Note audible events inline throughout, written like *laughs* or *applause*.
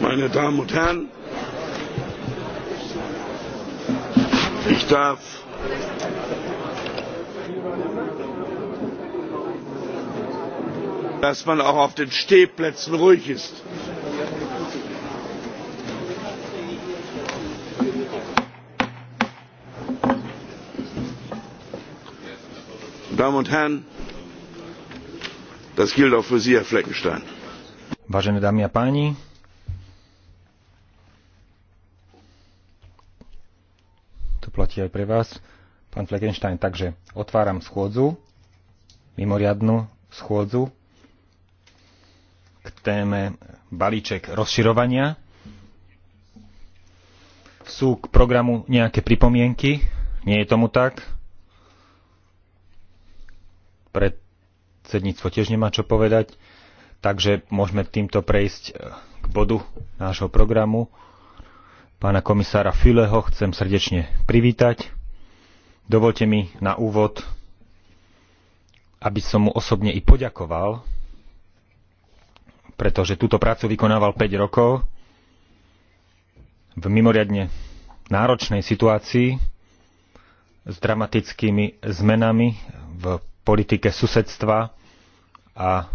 Meine Damen und Herren, ich darf dass man auch auf den Stehplätzen ruhig ist. Damen und Herren, das gilt auch für Sie, Herr Fleckenstein. Vážené dámy a páni, to platí aj pre vás, pán Fleckenstein. Takže otváram schôdzu, mimoriadnu schôdzu k téme balíček rozširovania. Sú k programu nejaké pripomienky? Nie je tomu tak? Predsedníctvo tiež nemá čo povedať, takže môžeme týmto prejsť e, k bodu nášho programu. Pána komisára Fileho chcem srdečne privítať. Dovolte mi na úvod, aby som mu osobne i poďakoval, pretože túto prácu vykonával 5 rokov v mimoriadne náročnej situácii s dramatickými zmenami v politike susedstva a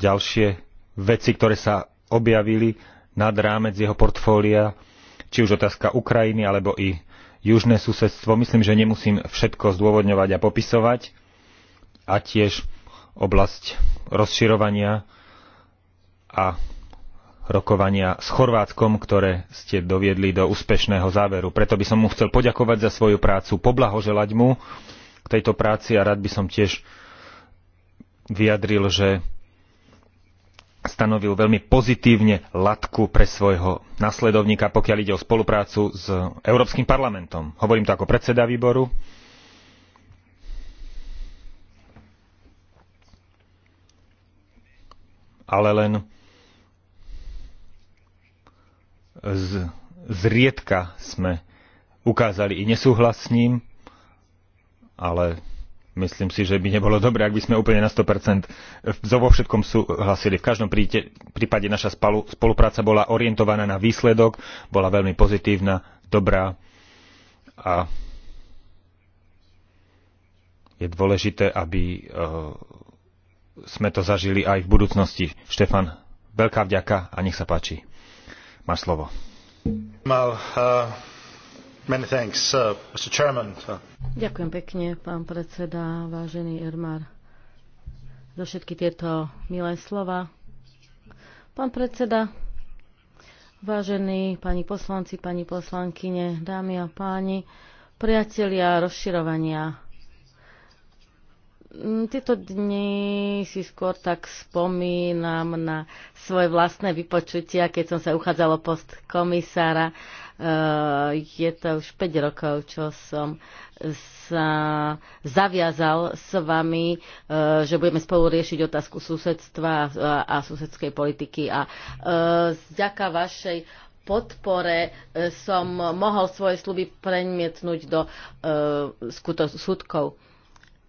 ďalšie veci, ktoré sa objavili nad rámec jeho portfólia, či už otázka Ukrajiny alebo i južné susedstvo. Myslím, že nemusím všetko zdôvodňovať a popisovať. A tiež oblasť rozširovania a rokovania s Chorvátskom, ktoré ste doviedli do úspešného záveru. Preto by som mu chcel poďakovať za svoju prácu, poblahoželať mu k tejto práci a rád by som tiež vyjadril, že stanovil veľmi pozitívne latku pre svojho nasledovníka, pokiaľ ide o spoluprácu s Európskym parlamentom. Hovorím to ako predseda výboru. Ale len z, zriedka sme ukázali i nesúhlas s ním, ale myslím si, že by nebolo dobré, ak by sme úplne na 100% zo vo všetkom súhlasili. V každom príte, prípade naša spalu, spolupráca bola orientovaná na výsledok, bola veľmi pozitívna, dobrá a je dôležité, aby uh, sme to zažili aj v budúcnosti. Štefan, veľká vďaka a nech sa páči má slovo. uh... Thanks, uh, Ďakujem pekne, pán predseda, vážený Irmar, za všetky tieto milé slova. Pán predseda, vážení pani poslanci, pani poslankyne, dámy a páni, priatelia rozširovania Mm, tieto dni si skôr tak spomínam na svoje vlastné vypočutia, keď som sa uchádzala post komisára. Eh, je to už 5 rokov, čo som sa zaviazal s vami, eh, že budeme spolu riešiť otázku susedstva a susedskej politiky. A eh, vďaka vašej podpore som mohol svoje sluby premietnúť do skutkov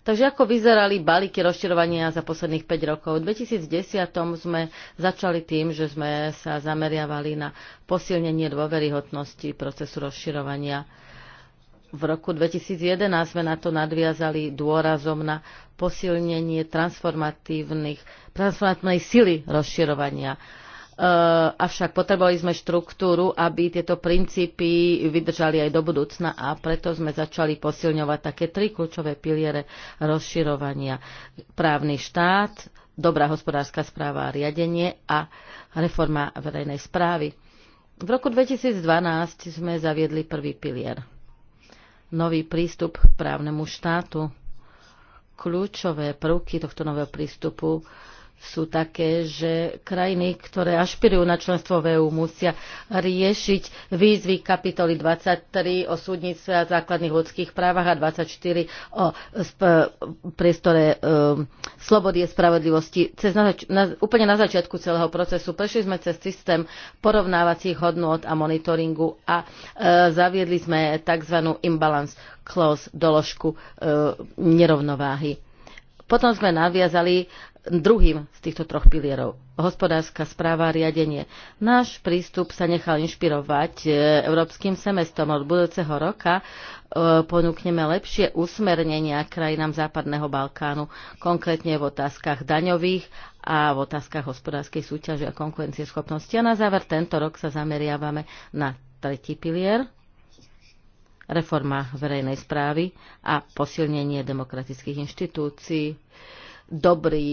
Takže ako vyzerali balíky rozširovania za posledných 5 rokov? V 2010 sme začali tým, že sme sa zameriavali na posilnenie dôveryhodnosti procesu rozširovania. V roku 2011 sme na to nadviazali dôrazom na posilnenie transformatívnych, transformatívnej sily rozširovania E, avšak potrebovali sme štruktúru, aby tieto princípy vydržali aj do budúcna a preto sme začali posilňovať také tri kľúčové piliere rozširovania. Právny štát, dobrá hospodárska správa a riadenie a reforma verejnej správy. V roku 2012 sme zaviedli prvý pilier. Nový prístup k právnemu štátu. Kľúčové prvky tohto nového prístupu sú také, že krajiny, ktoré ašpirujú na členstvo v EÚ, musia riešiť výzvy kapitoly 23 o súdnictve a základných ľudských právach a 24 o priestore um, slobody a spravodlivosti. Cez na, na, úplne na začiatku celého procesu prešli sme cez systém porovnávacích hodnôt a monitoringu a uh, zaviedli sme tzv. imbalance clause, doložku uh, nerovnováhy. Potom sme naviazali druhým z týchto troch pilierov. Hospodárska správa a riadenie. Náš prístup sa nechal inšpirovať e, európskym semestrom. Od budúceho roka e, ponúkneme lepšie usmernenia krajinám Západného Balkánu, konkrétne v otázkach daňových a v otázkach hospodárskej súťaže a konkurencieschopnosti. A na záver tento rok sa zameriavame na tretí pilier, reforma verejnej správy a posilnenie demokratických inštitúcií dobrý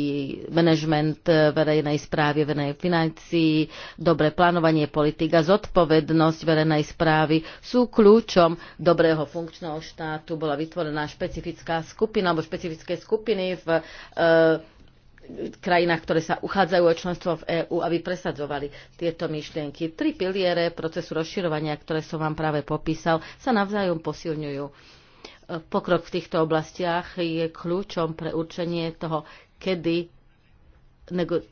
manažment eh, verejnej správy, verejnej financií, dobré plánovanie politik a zodpovednosť verejnej správy sú kľúčom dobrého funkčného štátu. Bola vytvorená špecifická skupina alebo špecifické skupiny v e, krajinách, ktoré sa uchádzajú o členstvo v EÚ, aby presadzovali tieto myšlienky. Tri piliere procesu rozširovania, ktoré som vám práve popísal, sa navzájom posilňujú Pokrok v týchto oblastiach je kľúčom pre určenie toho, kedy nego-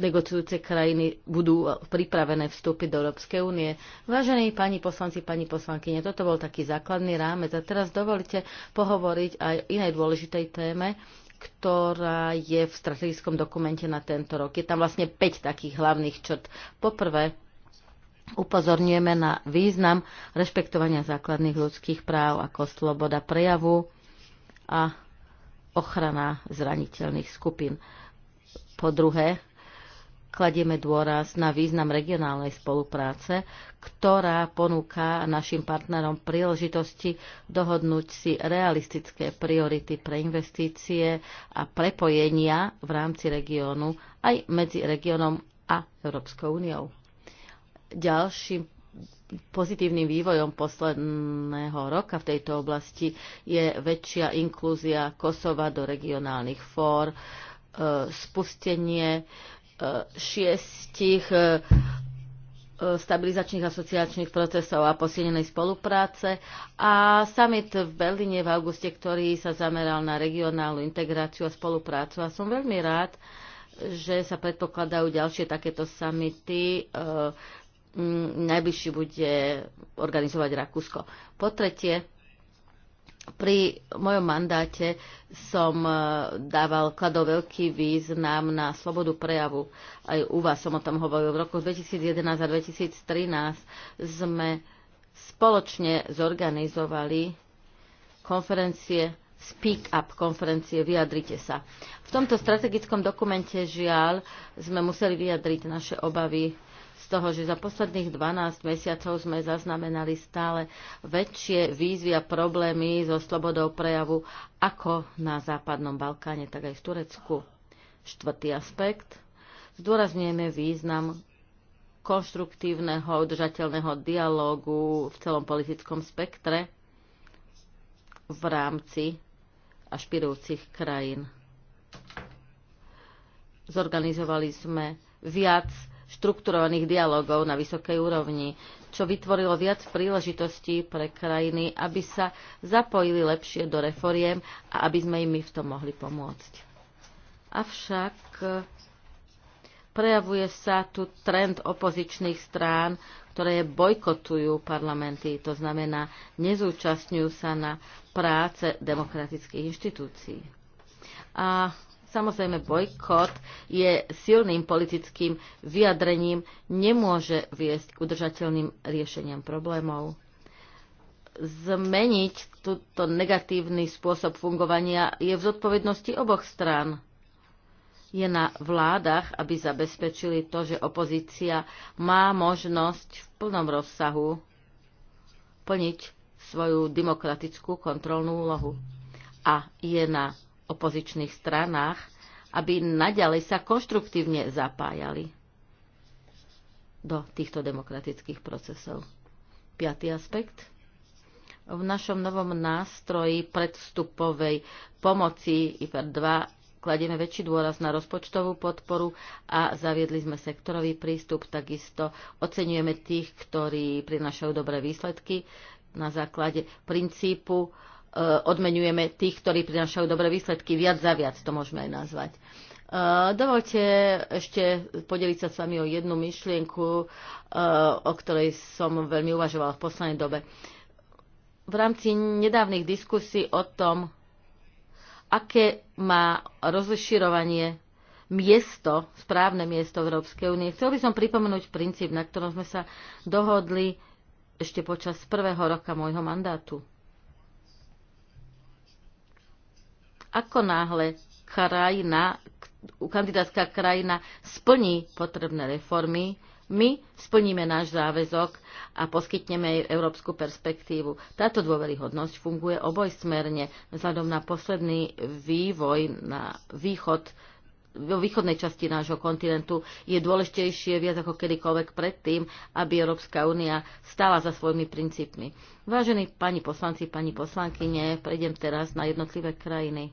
negociujúce krajiny budú pripravené vstúpiť do Európskej únie. Vážení pani poslanci, pani poslankyne, toto bol taký základný rámec a teraz dovolite pohovoriť aj inej dôležitej téme, ktorá je v strategickom dokumente na tento rok. Je tam vlastne 5 takých hlavných črt. Poprvé, upozorňujeme na význam rešpektovania základných ľudských práv ako sloboda prejavu a ochrana zraniteľných skupín. Po druhé, kladieme dôraz na význam regionálnej spolupráce, ktorá ponúka našim partnerom príležitosti dohodnúť si realistické priority pre investície a prepojenia v rámci regiónu aj medzi regiónom a Európskou úniou. Ďalším pozitívnym vývojom posledného roka v tejto oblasti je väčšia inklúzia Kosova do regionálnych fór, e, spustenie e, šiestich e, stabilizačných asociačných procesov a posilnenej spolupráce a summit v Berlíne v auguste, ktorý sa zameral na regionálnu integráciu a spoluprácu. A som veľmi rád, že sa predpokladajú ďalšie takéto summity najbližšie bude organizovať Rakúsko. Po tretie, pri mojom mandáte som e, dával, kladol veľký význam na slobodu prejavu. Aj u vás som o tom hovoril. V roku 2011 a 2013 sme spoločne zorganizovali konferencie Speak Up konferencie Vyjadrite sa. V tomto strategickom dokumente žiaľ sme museli vyjadriť naše obavy z toho, že za posledných 12 mesiacov sme zaznamenali stále väčšie výzvy a problémy so slobodou prejavu ako na Západnom Balkáne, tak aj v Turecku. Štvrtý aspekt. Zdôrazňujeme význam konštruktívneho, udržateľného dialógu v celom politickom spektre v rámci ašpirujúcich krajín. Zorganizovali sme viac štrukturovaných dialogov na vysokej úrovni, čo vytvorilo viac príležitostí pre krajiny, aby sa zapojili lepšie do reforiem a aby sme im v tom mohli pomôcť. Avšak eh, prejavuje sa tu trend opozičných strán, ktoré bojkotujú parlamenty, to znamená, nezúčastňujú sa na práce demokratických inštitúcií. A Samozrejme, bojkot je silným politickým vyjadrením, nemôže viesť k udržateľným riešeniam problémov. Zmeniť túto negatívny spôsob fungovania je v zodpovednosti oboch strán je na vládach, aby zabezpečili to, že opozícia má možnosť v plnom rozsahu plniť svoju demokratickú kontrolnú úlohu. A je na opozičných stranách, aby naďalej sa konštruktívne zapájali do týchto demokratických procesov. Piatý aspekt. V našom novom nástroji predstupovej pomoci IPR 2 kladieme väčší dôraz na rozpočtovú podporu a zaviedli sme sektorový prístup. Takisto oceňujeme tých, ktorí prinašajú dobré výsledky na základe princípu uh, Eh, odmenujeme tých, ktorí prinašajú dobré výsledky, viac za viac to môžeme aj nazvať. Eh, dovolte ešte podeliť sa s vami o jednu myšlienku, eh, o ktorej som veľmi uvažovala v poslednej dobe. V rámci nedávnych diskusí o tom, aké má rozširovanie miesto, správne miesto Európskej únie. Chcel by som pripomenúť princíp, na ktorom sme sa dohodli ešte počas prvého roka môjho mandátu. Ako náhle krajina, kandidátska krajina splní potrebné reformy, my splníme náš záväzok a poskytneme jej európsku perspektívu. Táto dôveryhodnosť funguje obojsmerne vzhľadom na posledný vývoj na východ vo východnej časti nášho kontinentu je dôležitejšie viac ako kedykoľvek predtým, aby Európska únia stála za svojimi princípmi. Vážení pani poslanci, pani poslankyne, prejdem teraz na jednotlivé krajiny.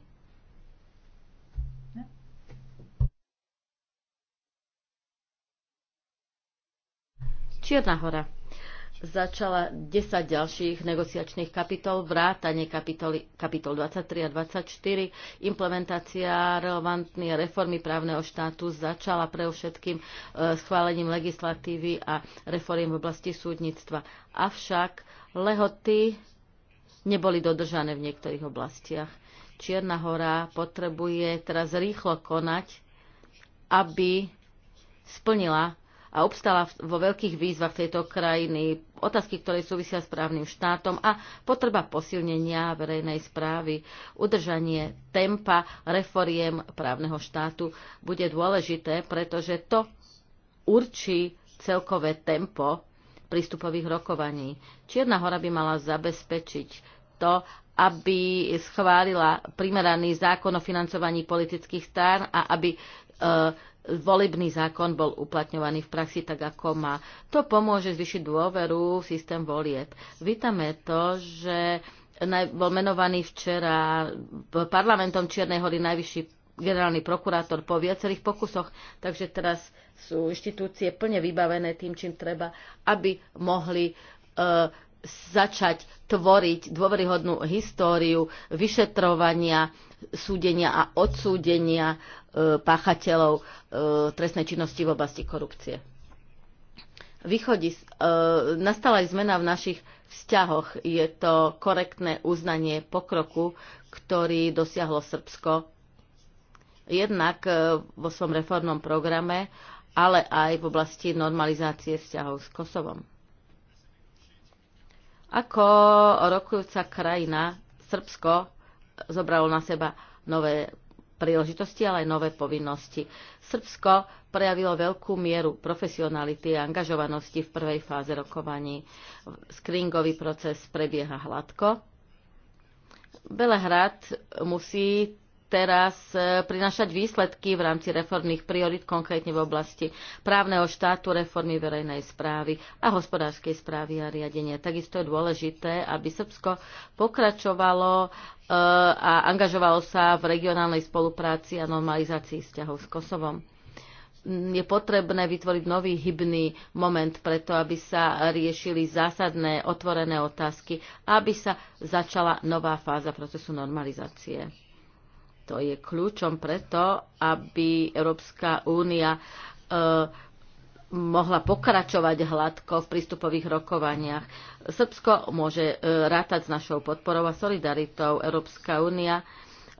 Čierna hora začala 10 ďalších negociačných kapitol, vrátanie kapitoly, kapitol 23 a 24. Implementácia relevantnej reformy právneho štátu začala všetkým e, schválením legislatívy a reformy v oblasti súdnictva. Avšak lehoty neboli dodržané v niektorých oblastiach. Čierna hora potrebuje teraz rýchlo konať, aby splnila a obstala vo veľkých výzvach tejto krajiny, otázky, ktoré súvisia s právnym štátom a potreba posilnenia verejnej správy, udržanie tempa reforiem právneho štátu bude dôležité, pretože to určí celkové tempo prístupových rokovaní. Čierna hora by mala zabezpečiť to, aby schválila primeraný zákon o financovaní politických strán a aby e, volebný zákon bol uplatňovaný v praxi tak, ako má. To pomôže zvyšiť dôveru v systém volieb. Vítame to, že bol menovaný včera parlamentom Čiernej hory najvyšší generálny prokurátor po viacerých pokusoch, takže teraz sú inštitúcie plne vybavené tým, čím treba, aby mohli uh, začať tvoriť dôveryhodnú históriu vyšetrovania, súdenia a odsúdenia e, páchateľov e, trestnej činnosti v oblasti korupcie. Východis, e, nastala aj zmena v našich vzťahoch. Je to korektné uznanie pokroku, ktorý dosiahlo Srbsko jednak vo svojom reformnom programe, ale aj v oblasti normalizácie vzťahov s Kosovom. Ako rokujúca krajina, Srbsko zobralo na seba nové príležitosti, ale aj nové povinnosti. Srbsko prejavilo veľkú mieru profesionality a angažovanosti v prvej fáze rokovaní. Screeningový proces prebieha hladko. Belehrad musí teraz e, prinašať výsledky v rámci reformných priorit, konkrétne v oblasti právneho štátu, reformy verejnej správy a hospodárskej správy a riadenia. Takisto je dôležité, aby Srbsko pokračovalo e, a angažovalo sa v regionálnej spolupráci a normalizácii vzťahov s Kosovom mm, je potrebné vytvoriť nový hybný moment preto, aby sa riešili zásadné otvorené otázky, aby sa začala nová fáza procesu normalizácie. To je kľúčom preto, aby Európska únia e, mohla pokračovať hladko v prístupových rokovaniach. Srbsko môže e, rátať s našou podporou a solidaritou. Európska únia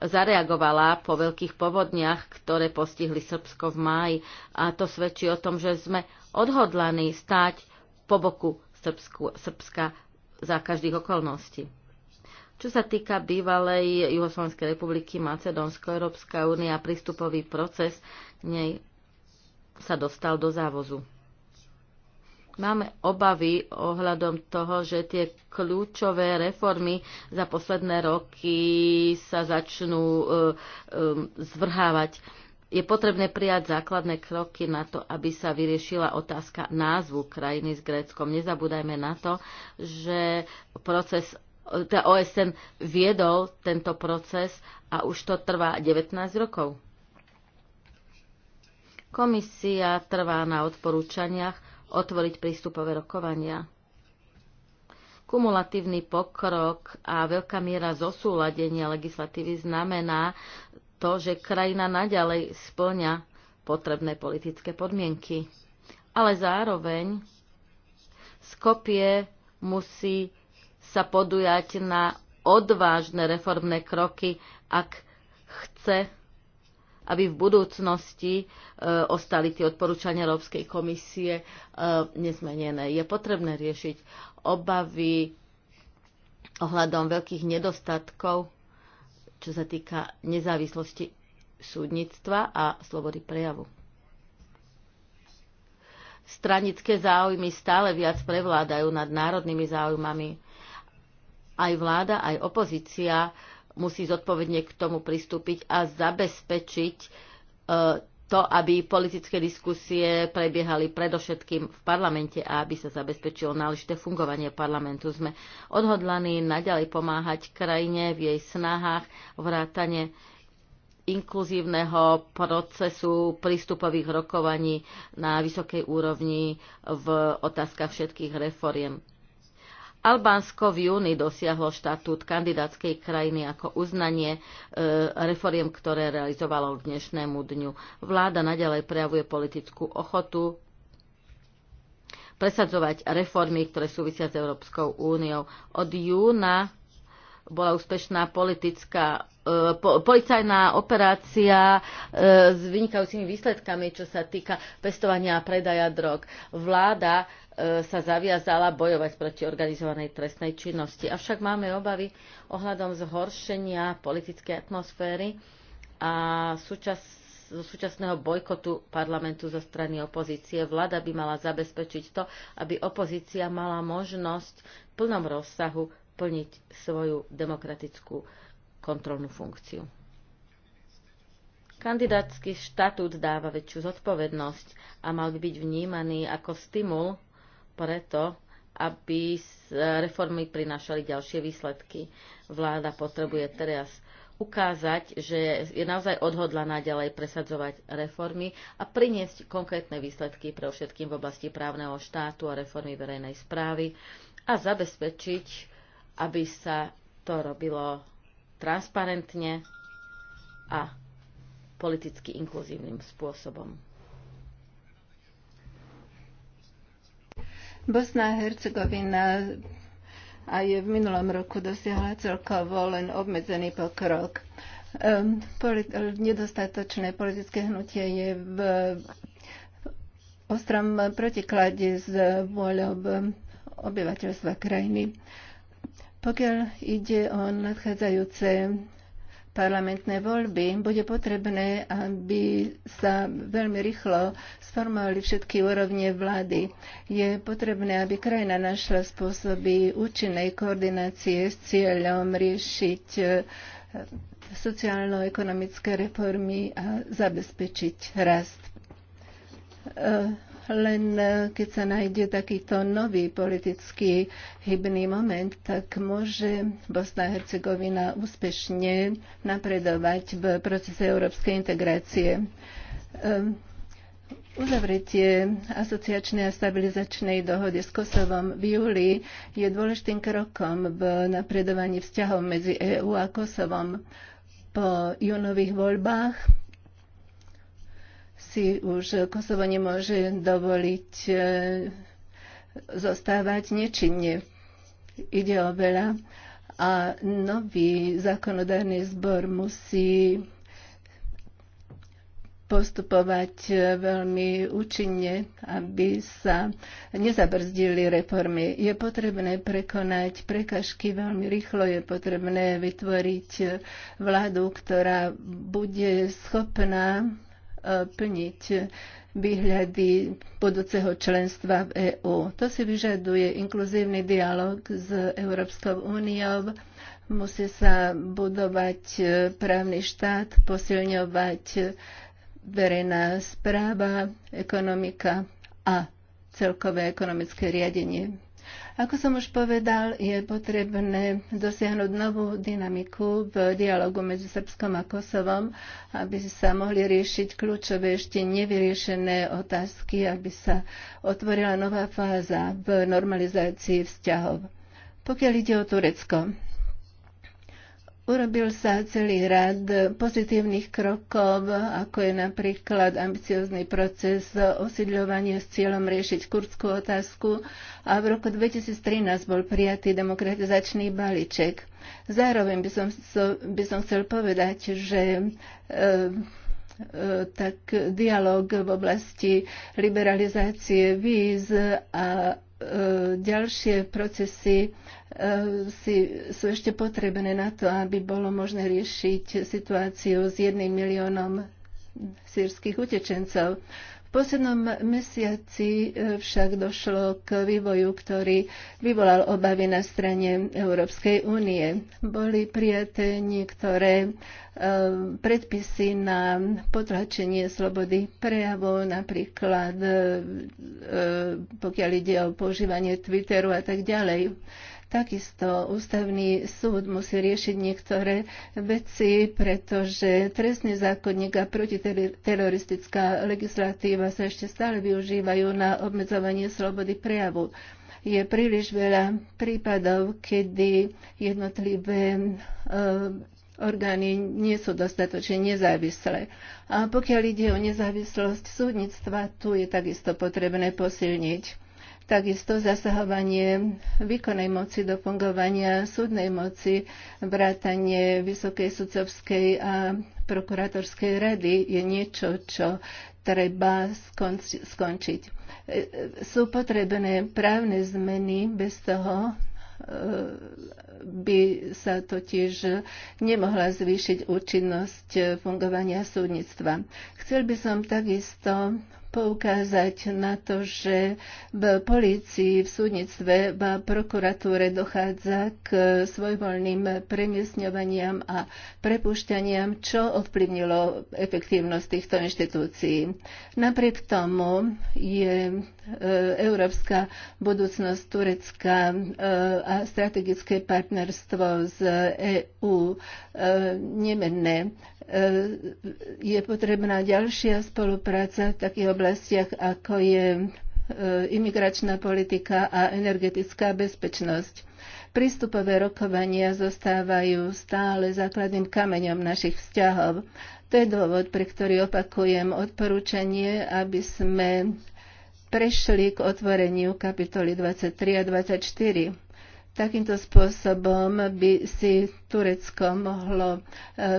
zareagovala po veľkých povodniach, ktoré postihli Srbsko v máji a to svedčí o tom, že sme odhodlaní stáť po boku Srbsku, Srbska za každých okolností. Čo sa týka bývalej Juhoslovenskej republiky Macedónsko, Európska únia prístupový proces nej sa dostal do závozu. Máme obavy ohľadom toho, že tie kľúčové reformy za posledné roky sa začnú e, e, zvrhávať. Je potrebné prijať základné kroky na to, aby sa vyriešila otázka názvu krajiny s Gréckom. Nezabúdajme na to, že proces tá teda OSN viedol tento proces a už to trvá 19 rokov. Komisia trvá na odporúčaniach otvoriť prístupové rokovania. Kumulatívny pokrok a veľká miera zosúladenia legislatívy znamená to, že krajina naďalej splňa potrebné politické podmienky. Ale zároveň Skopie musí sa podujať na odvážne reformné kroky, ak chce, aby v budúcnosti e, ostali tie odporúčania Európskej komisie e, nezmenené. Je potrebné riešiť obavy ohľadom veľkých nedostatkov, čo sa týka nezávislosti súdnictva a slobody prejavu. Stranické záujmy stále viac prevládajú nad národnými záujmami aj vláda, aj opozícia musí zodpovedne k tomu pristúpiť a zabezpečiť e, to, aby politické diskusie prebiehali predovšetkým v parlamente a aby sa zabezpečilo náležité fungovanie parlamentu. Sme odhodlaní naďalej pomáhať krajine v jej snahách vrátane inkluzívneho procesu prístupových rokovaní na vysokej úrovni v otázkach všetkých reforiem. Albánsko v júni dosiahlo štatút kandidátskej krajiny ako uznanie e, reforiem, ktoré realizovalo k dnešnému dňu. Vláda naďalej prejavuje politickú ochotu presadzovať reformy, ktoré súvisia s Európskou úniou. Od júna bola úspešná politická E, policajná operácia e, s vynikajúcimi výsledkami, čo sa týka pestovania a predaja drog. Vláda e, sa zaviazala bojovať proti organizovanej trestnej činnosti. Avšak máme obavy ohľadom zhoršenia politickej atmosféry a súčas zo súčasného bojkotu parlamentu zo strany opozície. Vláda by mala zabezpečiť to, aby opozícia mala možnosť v plnom rozsahu plniť svoju demokratickú uh, kontrolnú funkciu. Kandidátsky štatút dáva väčšiu zodpovednosť a mal by byť vnímaný ako stimul preto, aby e, reformy prinášali ďalšie výsledky. Vláda potrebuje teraz ukázať, že je naozaj odhodlaná ďalej presadzovať reformy a priniesť konkrétne výsledky pre všetkým v oblasti právneho štátu a reformy verejnej správy a zabezpečiť, aby sa to robilo transparentne a politicky inkluzívnym spôsobom. Bosna a Hercegovina aj v minulom roku dosiahla celkovo len obmedzený pokrok. Ehm, polit- Nedostatočné politické hnutie je v ostrom protiklade s vôľou obyvateľstva krajiny. Pokiaľ ide o nadchádzajúce parlamentné voľby, bude potrebné, aby sa veľmi rýchlo sformovali všetky úrovne vlády. Je potrebné, aby krajina našla spôsoby účinnej koordinácie s cieľom riešiť e, sociálno-ekonomické reformy a zabezpečiť rast. E, len e, keď sa nájde takýto nový politický hybný moment, tak môže Bosna a Hercegovina úspešne napredovať v procese európskej integrácie. E, uzavretie asociačnej a stabilizačnej dohody s Kosovom v júli je dôležitým krokom v napredovaní vzťahov medzi EÚ a Kosovom. Po júnových voľbách si už Kosovo nemôže dovoliť e, zostávať nečinne. Ide o veľa a nový zákonodárny zbor musí postupovať e, veľmi účinne, aby sa nezabrzdili reformy. Je potrebné prekonať prekažky veľmi rýchlo, je potrebné vytvoriť e, vládu, ktorá bude schopná plniť výhľady budúceho členstva v EÚ. To si vyžaduje inkluzívny dialog s Európskou úniou, musí sa budovať právny štát, posilňovať verejná správa, ekonomika a celkové ekonomické riadenie. Ako som už povedal, je potrebné dosiahnuť novú dynamiku v dialogu medzi Srbskom a Kosovom, aby sa mohli riešiť kľúčové ešte nevyriešené otázky, aby sa otvorila nová fáza v normalizácii vzťahov. Pokiaľ ide o Turecko, Urobil sa celý rad pozitívnych krokov, ako je napríklad ambiciózny proces osídľovania s cieľom riešiť kurdskú otázku a v roku 2013 bol prijatý demokratizačný balíček. Zároveň by som, by som chcel povedať, že e, e, tak dialog v oblasti liberalizácie víz a e, ďalšie procesy Eh, si, sú ešte potrebné na to, aby bolo možné riešiť situáciu s jedným miliónom sírskych utečencov. V poslednom mesiaci eh, však došlo k vývoju, ktorý vyvolal obavy na strane Európskej únie. Boli prijaté niektoré eh, predpisy na potlačenie slobody prejavu, napríklad pokiaľ ide o používanie Twitteru a tak ďalej. Takisto ústavný súd musí riešiť niektoré veci, pretože trestný zákonník a protiteroristická legislatíva sa ešte stále využívajú na obmedzovanie slobody prejavu. Je príliš veľa prípadov, kedy jednotlivé eh, orgány nie sú dostatočne nezávislé. A pokiaľ ide o nezávislosť súdnictva, tu je takisto potrebné posilniť takisto zasahovanie výkonnej moci do fungovania súdnej moci, vrátanie Vysokej sudcovskej a prokuratorskej rady je niečo, čo treba skončiť. E, e, sú potrebné právne zmeny bez toho, e, by sa totiž nemohla zvýšiť účinnosť fungovania súdnictva. Chcel by som takisto poukázať na to, že v policii, v súdnictve a prokuratúre dochádza k svojvoľným premiesňovaniam a prepušťaniam, čo ovplyvnilo efektívnosť týchto inštitúcií. Napriek tomu je e, európska budúcnosť Turecka e, a strategické partnerstvo z EU e, nemenné. E, je potrebná ďalšia spolupráca v takých oblastiach, ako je e, imigračná politika a energetická bezpečnosť. Prístupové rokovania zostávajú stále základným kameňom našich vzťahov. To je dôvod, pre ktorý opakujem odporúčanie, aby sme prešli k otvoreniu kapitoly 23 a 24. Takýmto spôsobom by si Turecko mohlo e,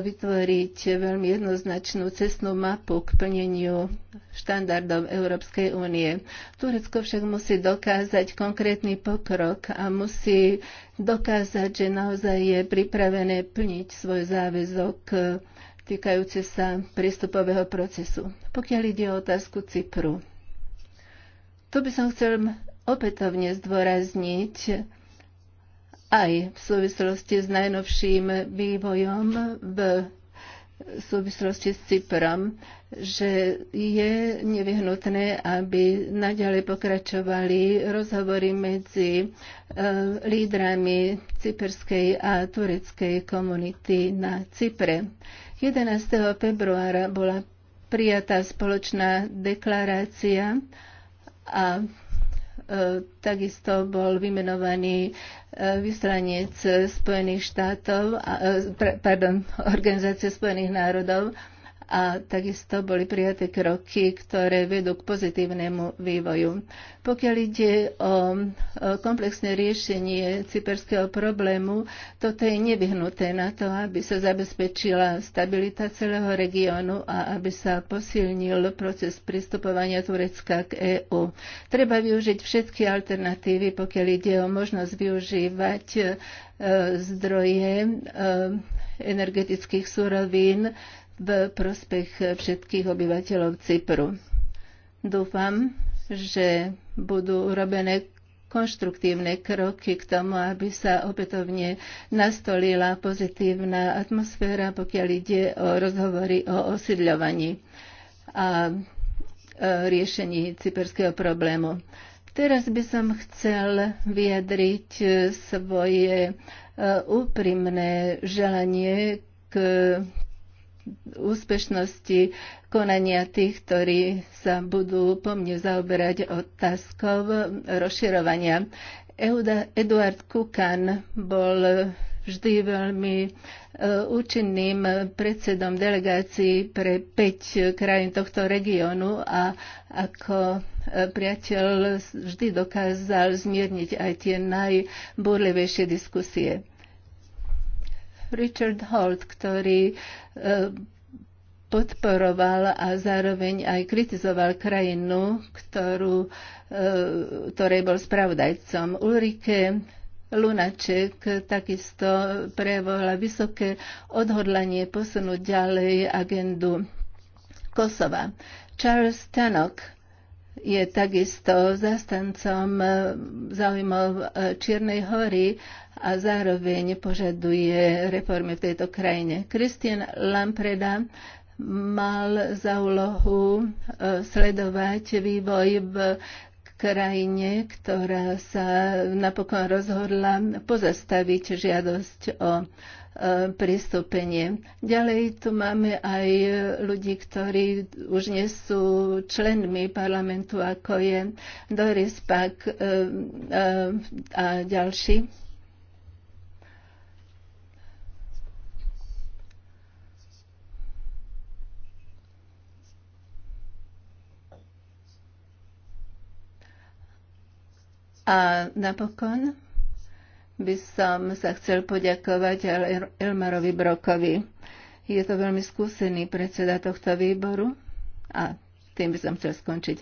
vytvoriť veľmi jednoznačnú cestnú mapu k plneniu štandardov Európskej únie. Turecko však musí dokázať konkrétny pokrok a musí dokázať, že naozaj je pripravené plniť svoj záväzok e, týkajúce sa prístupového procesu. Pokiaľ ide o otázku Cypru, tu by som chcel opätovne zdôrazniť, aj v súvislosti s najnovším vývojom v súvislosti s Cyprom, že je nevyhnutné, aby naďalej pokračovali rozhovory medzi e, lídrami cyperskej a tureckej komunity na Cypre. 11. februára bola prijatá spoločná deklarácia a E, takisto bol vymenovaný e, vyslanec Spojených štátov, e, pardon, *laughs* Organizácie Spojených národov a takisto boli prijaté kroky, ktoré vedú k pozitívnemu vývoju. Pokiaľ ide o komplexné riešenie cyperského problému, toto je nevyhnuté na to, aby sa zabezpečila stabilita celého regiónu a aby sa posilnil proces pristupovania Turecka k EÚ. Treba využiť všetky alternatívy, pokiaľ ide o možnosť využívať e, zdroje e, energetických surovín v prospech všetkých obyvateľov Cypru. Dúfam, že budú urobené konštruktívne kroky k tomu, aby sa opätovne nastolila pozitívna atmosféra, pokiaľ ide o rozhovory o osidľovaní a e, riešení cyperského problému. Teraz by som chcel vyjadriť svoje e, úprimné želanie k úspešnosti konania tých, ktorí sa budú po mne zaoberať otázkou rozširovania. Eduard Kukan bol vždy veľmi e, účinným predsedom delegácií pre 5 krajín tohto regiónu a ako e, priateľ vždy dokázal zmierniť aj tie najbúrlivejšie diskusie. Richard Holt, ktorý eh, podporoval a zároveň aj kritizoval krajinu, ktorú, eh, ktorej bol spravodajcom. Ulrike Lunaček takisto prejavovala vysoké odhodlanie posunúť ďalej agendu Kosova. Charles Tannock je takisto zastancom e, záujmov e, Čiernej hory a zároveň požaduje reformy v tejto krajine. Kristian Lampreda mal za úlohu e, sledovať vývoj v krajine, ktorá sa napokon rozhodla pozastaviť žiadosť o pristúpenie. Ďalej tu máme aj ľudí, ktorí už nie sú členmi parlamentu, ako je Doris Pak eh, eh, a ďalší. A napokon by som sa chcel poďakovať Elmarovi Brokovi. Je to veľmi skúsený predseda tohto výboru a tým by som chcel skončiť.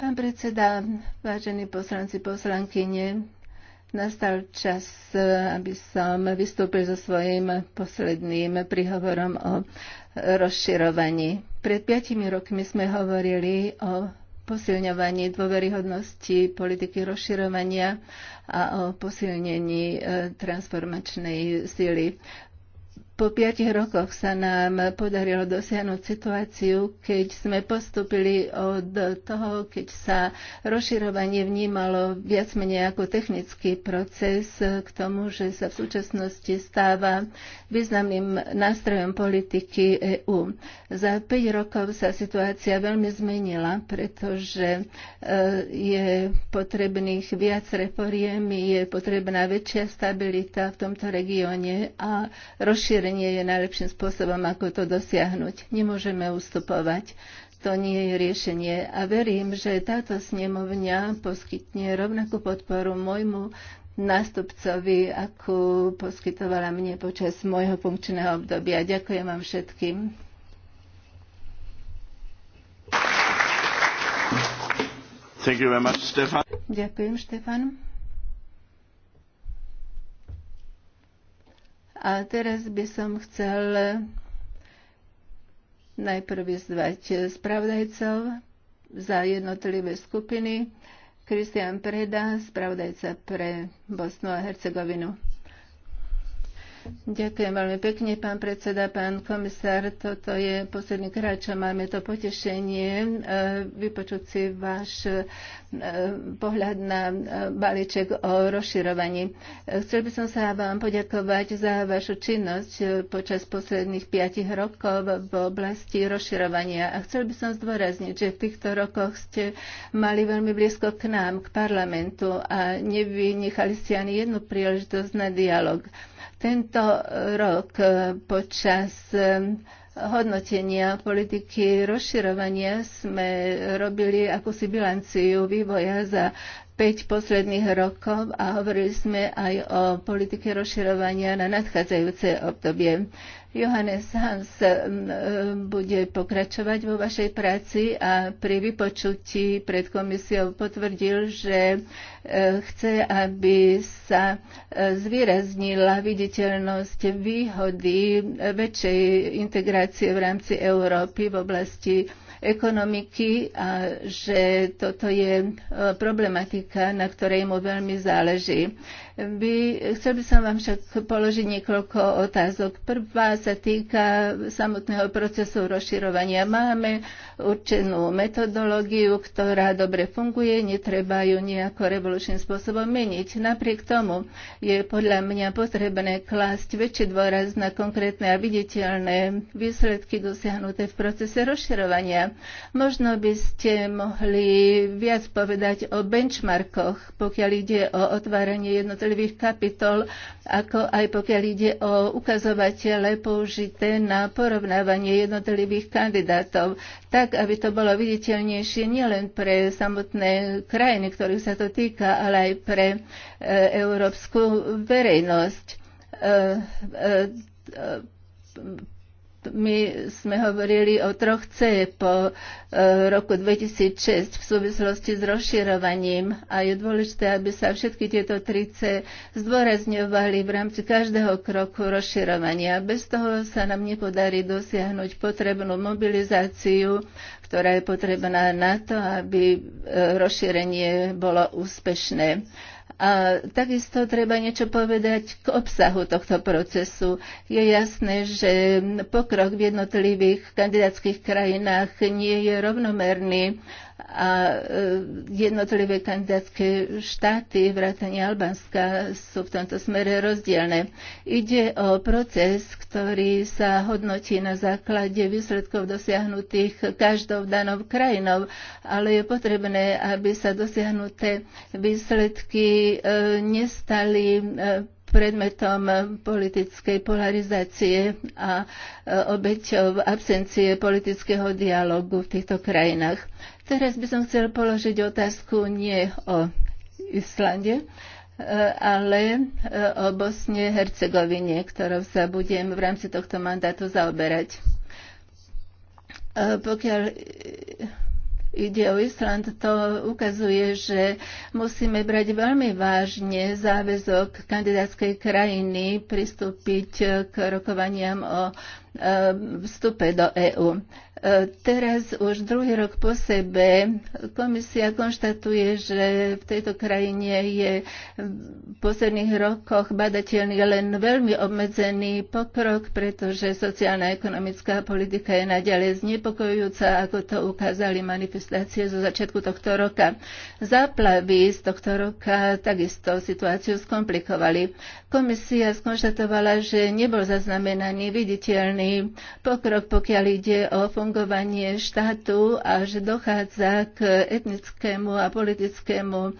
Pán predseda, vážení poslanci, poslankyne, nastal čas, aby som vystúpil so svojím posledným príhovorom o rozširovaní. Pred piatimi rokmi sme hovorili o posilňovaní dôveryhodnosti politiky rozširovania a o posilnení e, transformačnej síly. Po piatich rokoch sa nám podarilo dosiahnuť situáciu, keď sme postupili od toho, keď sa rozširovanie vnímalo viac menej ako technický proces k tomu, že sa v súčasnosti stáva významným nástrojom politiky EÚ. Za 5 rokov sa situácia veľmi zmenila, pretože e, je potrebných viac reforiem, je potrebná väčšia stabilita v tomto regióne a rozšírenie zmierenie je najlepším spôsobom, ako to dosiahnuť. Nemôžeme ustupovať. To nie je riešenie a verím, že táto snemovňa poskytne rovnakú podporu môjmu nástupcovi, ako poskytovala mne počas môjho funkčného obdobia. Ďakujem vám všetkým. Thank you very much, Stefan. Ďakujem, Stefan. A teraz by som chcel najprv vyzvať spravodajcov za jednotlivé skupiny. Kristian Preda, spravodajca pre Bosnu a Hercegovinu. Ďakujem veľmi pekne, pán predseda, pán komisár. Toto je posledný krát, čo máme to potešenie e, vypočuť si váš e, pohľad na e, balíček o rozširovaní. Chcel by som sa vám poďakovať za vašu činnosť počas posledných piatich rokov v oblasti rozširovania. A chcel by som zdôrazniť, že v týchto rokoch ste mali veľmi blízko k nám, k parlamentu a nevynechali ste ani jednu príležitosť na dialog. Tento tento rok počas ehm, hodnotenia politiky rozširovania sme robili akúsi bilanciu vývoja za 5 posledných rokov a hovorili sme aj o politike rozširovania na nadchádzajúce obdobie. Johannes Hans bude pokračovať vo vašej práci a pri vypočutí pred komisiou potvrdil, že e, chce, aby sa e, zvýraznila viditeľnosť výhody väčšej integrácie v rámci Európy v oblasti ekonomiky a že toto je e, problematika, na ktorej mu veľmi záleží. By, chcel by som vám však položiť niekoľko otázok. Prvá sa týka samotného procesu rozširovania. Máme určenú metodológiu, ktorá dobre funguje, netreba ju nejako revolučným spôsobom meniť. Napriek tomu je podľa mňa potrebné klásť väčší dôraz na konkrétne a viditeľné výsledky dosiahnuté v procese rozširovania. Možno by ste mohli viac povedať o benchmarkoch, pokiaľ ide o otváranie jednotlivých jednotlivých kapitol, ako aj pokiaľ ide o ukazovatele použité na porovnávanie jednotlivých kandidátov, tak aby to bolo viditeľnejšie nielen pre samotné krajiny, ktorých sa to týka, ale aj pre e, európsku verejnosť. E, e, my sme hovorili o troch C po e, roku 2006 v súvislosti s rozširovaním a je dôležité, aby sa všetky tieto tri C zdôrazňovali v rámci každého kroku rozširovania. Bez toho sa nám nepodarí dosiahnuť potrebnú mobilizáciu, ktorá je potrebná na to, aby e, rozšírenie bolo úspešné. A takisto treba niečo povedať k obsahu tohto procesu. Je jasné, že pokrok v jednotlivých kandidátskych krajinách nie je rovnomerný a e, jednotlivé kandidátske štáty vrátane Albánska sú v tomto smere rozdielne. Ide o proces, ktorý sa hodnotí na základe výsledkov dosiahnutých každou danou krajinou, ale je potrebné, aby sa dosiahnuté výsledky e, nestali e, predmetom politickej polarizácie a obeťou absencie politického dialogu v týchto krajinách. Teraz by som chcel položiť otázku nie o Islande, e, ale e, o Bosne Hercegovine, ktorou sa budem v rámci tohto mandátu zaoberať. E, pokiaľ ide o Island, to ukazuje, že musíme brať veľmi vážne záväzok kandidátskej krajiny pristúpiť k rokovaniam o vstupe do EÚ. Teraz už druhý rok po sebe komisia konštatuje, že v tejto krajine je v posledných rokoch badateľný len veľmi obmedzený pokrok, pretože sociálna a ekonomická politika je naďalej znepokojujúca, ako to ukázali manifestácie zo začiatku tohto roka. Záplavy z tohto roka takisto situáciu skomplikovali. Komisia skonštatovala, že nebol zaznamenaný viditeľný pokrok, pokiaľ ide o fungovanie fungovanie štátu a že dochádza k etnickému a politickému e,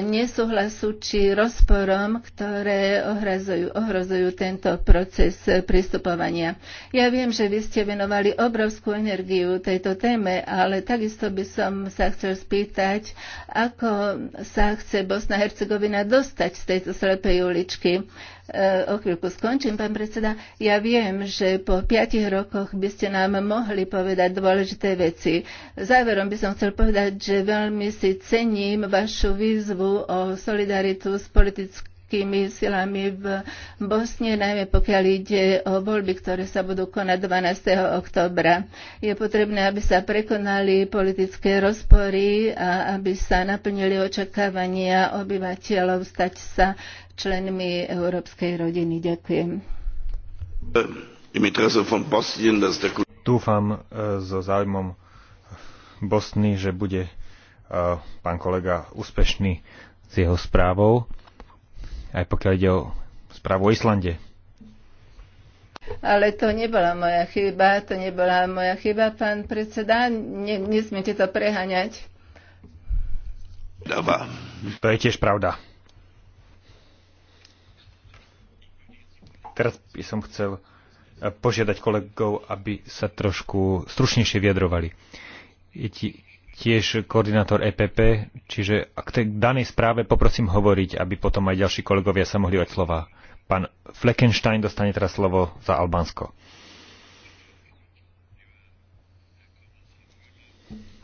nesúhlasu či rozporom, ktoré ohrazujú, ohrozujú tento proces pristupovania. Ja viem, že vy ste venovali obrovskú energiu tejto téme, ale takisto by som sa chcel spýtať, ako sa chce Bosna-Hercegovina dostať z tejto slepej uličky o chvíľku skončím, pán predseda. Ja viem, že po piatich rokoch by ste nám mohli povedať dôležité veci. Záverom by som chcel povedať, že veľmi si cením vašu výzvu o solidaritu s politickým politickými silami v Bosne, najmä pokiaľ ide o voľby, ktoré sa budú konať 12. oktobra. Je potrebné, aby sa prekonali politické rozpory a aby sa naplnili očakávania obyvateľov stať sa členmi európskej rodiny. Ďakujem. Dúfam eh, so záujmom Bosny, že bude eh, pán kolega úspešný s jeho správou aj pokiaľ ide o správu o Islande. Ale to nebola moja chyba, to nebola moja chyba, pán predseda. Ne, nesmiete to preháňať. Dobre. To je tiež pravda. Teraz by som chcel e, požiadať kolegov, aby sa trošku stručnejšie vyjadrovali tiež koordinátor EPP, čiže k tej danej správe poprosím hovoriť, aby potom aj ďalší kolegovia sa mohli dať slova. Pán Fleckenstein dostane teraz slovo za Albánsko.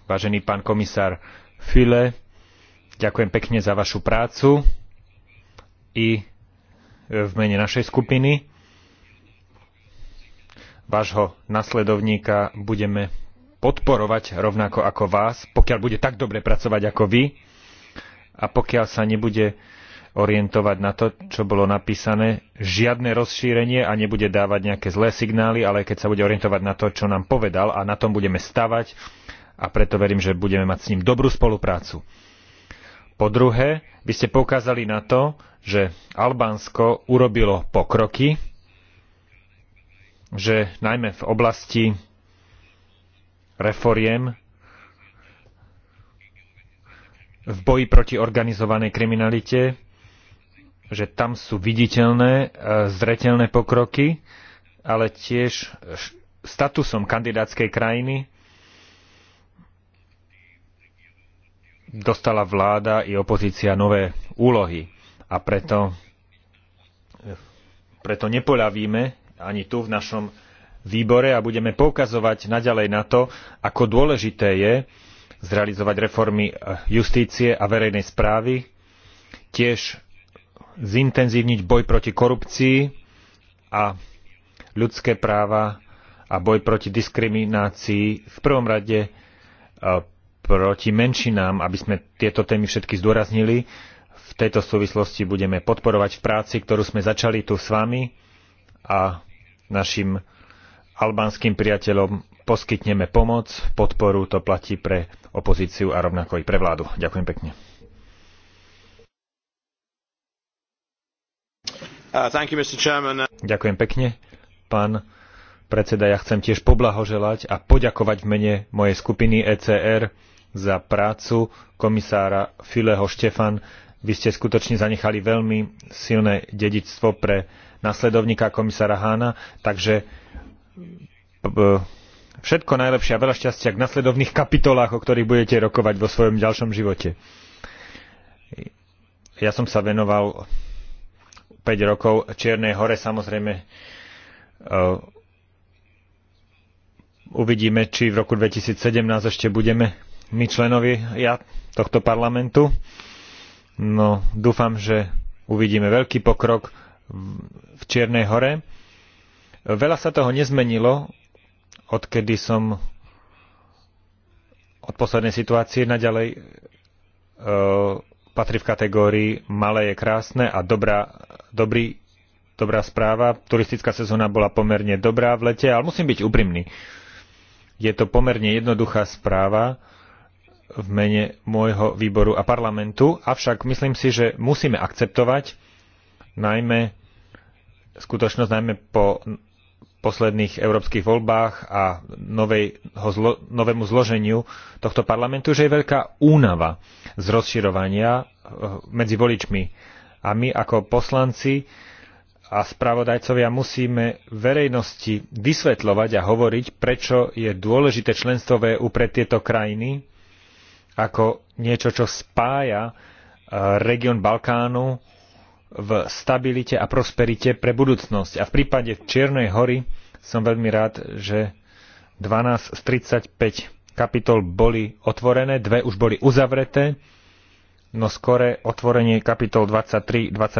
Vážený pán komisár File, ďakujem pekne za vašu prácu i v mene našej skupiny. Vášho nasledovníka budeme podporovať rovnako ako vás, pokiaľ bude tak dobre pracovať ako vy a pokiaľ sa nebude orientovať na to, čo bolo napísané, žiadne rozšírenie a nebude dávať nejaké zlé signály, ale keď sa bude orientovať na to, čo nám povedal a na tom budeme stavať a preto verím, že budeme mať s ním dobrú spoluprácu. Po druhé, vy ste poukázali na to, že Albánsko urobilo pokroky, že najmä v oblasti reforiem v boji proti organizovanej kriminalite, že tam sú viditeľné, e, zreteľné pokroky, ale tiež statusom kandidátskej krajiny dostala vláda i opozícia nové úlohy. A preto, e, preto nepoľavíme ani tu v našom výbore a budeme poukazovať naďalej na to, ako dôležité je zrealizovať reformy eh, justície a verejnej správy, tiež zintenzívniť boj proti korupcii a ľudské práva a boj proti diskriminácii v prvom rade eh, proti menšinám, aby sme tieto témy všetky zdôraznili. V tejto súvislosti budeme podporovať v práci, ktorú sme začali tu s vami a našim albánskym priateľom poskytneme pomoc, podporu, to platí pre opozíciu a rovnako i pre vládu. Ďakujem pekne. Uh, Ďakujem pekne, pán predseda. Ja chcem tiež poblahoželať a poďakovať v mene mojej skupiny ECR za prácu komisára Fileho Štefan. Vy ste skutočne zanechali veľmi silné dedičstvo pre nasledovníka komisára Hána, takže všetko najlepšie a veľa šťastia k nasledovných kapitolách, o ktorých budete rokovať vo svojom ďalšom živote. Ja som sa venoval 5 rokov Čiernej hore, samozrejme e, uvidíme, či v roku 2017 ešte budeme my členovi ja tohto parlamentu. No dúfam, že uvidíme veľký pokrok v Čiernej hore Veľa sa toho nezmenilo, odkedy som od poslednej situácie naďalej e, patrí v kategórii malé je krásne a dobrá, dobrý, dobrá správa. Turistická sezóna bola pomerne dobrá v lete, ale musím byť úprimný. Je to pomerne jednoduchá správa v mene môjho výboru a parlamentu, avšak myslím si, že musíme akceptovať najmä skutočnosť najmä po posledných európskych voľbách a zlo, novému zloženiu tohto parlamentu, že je veľká únava z rozširovania eh, medzi voličmi. A my ako poslanci a spravodajcovia musíme verejnosti vysvetľovať a hovoriť, prečo je dôležité členstvo VU EU pre tieto krajiny ako niečo, čo spája eh, región Balkánu v stabilite a prosperite pre budúcnosť. A v prípade Čiernej hory som veľmi rád, že 12 z 35 kapitol boli otvorené, dve už boli uzavreté, no skore otvorenie kapitol 23-24 e,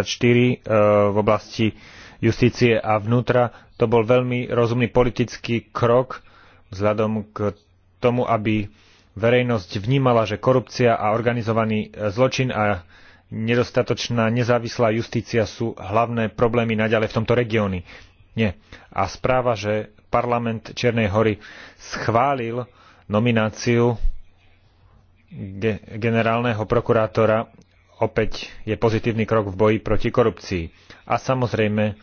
v oblasti justície a vnútra, to bol veľmi rozumný politický krok vzhľadom k tomu, aby verejnosť vnímala, že korupcia a organizovaný zločin a nedostatočná nezávislá justícia sú hlavné problémy naďalej v tomto regióne. Nie. A správa, že parlament Čiernej hory schválil nomináciu generálneho prokurátora, opäť je pozitívny krok v boji proti korupcii. A samozrejme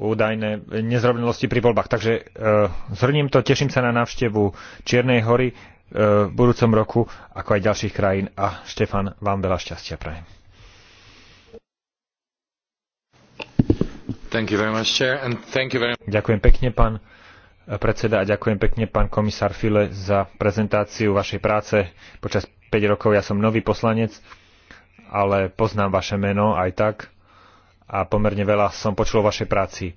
údajné nezrovnalosti pri voľbách. Takže e, zhrním to, teším sa na návštevu Čiernej hory E, v budúcom roku, ako aj ďalších krajín. A Štefan, vám veľa šťastia prajem. Much, very... Ďakujem pekne, pán predseda, a ďakujem pekne, pán komisár File, za prezentáciu vašej práce. Počas 5 rokov ja som nový poslanec, ale poznám vaše meno aj tak a pomerne veľa som počul o vašej práci.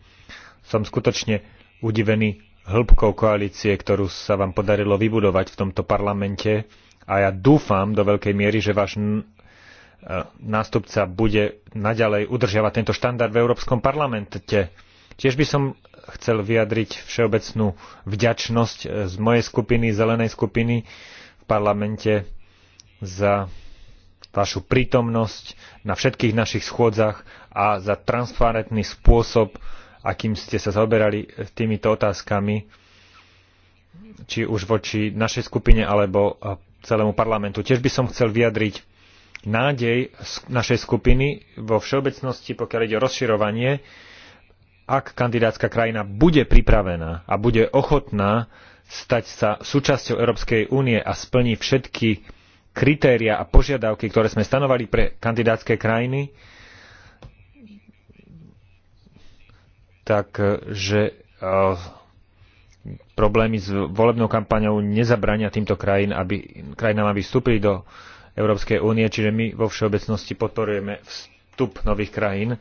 Som skutočne udivený hĺbkou koalície, ktorú sa vám podarilo vybudovať v tomto parlamente a ja dúfam do veľkej miery, že váš e, nástupca bude naďalej udržiavať tento štandard v Európskom parlamente. Tiež by som chcel vyjadriť všeobecnú vďačnosť e, z mojej skupiny, zelenej skupiny v parlamente za vašu prítomnosť na všetkých našich schôdzach a za transparentný spôsob, akým ste sa zaoberali eh, týmito otázkami, či už voči našej skupine alebo eh, celému parlamentu. Tiež by som chcel vyjadriť nádej našej skupiny vo všeobecnosti, pokiaľ ide o rozširovanie, ak kandidátska krajina bude pripravená a bude ochotná stať sa súčasťou Európskej únie a splní všetky kritéria a požiadavky, ktoré sme stanovali pre kandidátske krajiny, tak že e, problémy s volebnou kampaňou nezabrania týmto krajín, aby, krajinám, aby vstúpili do Európskej únie, čiže my vo všeobecnosti podporujeme vstup nových krajín.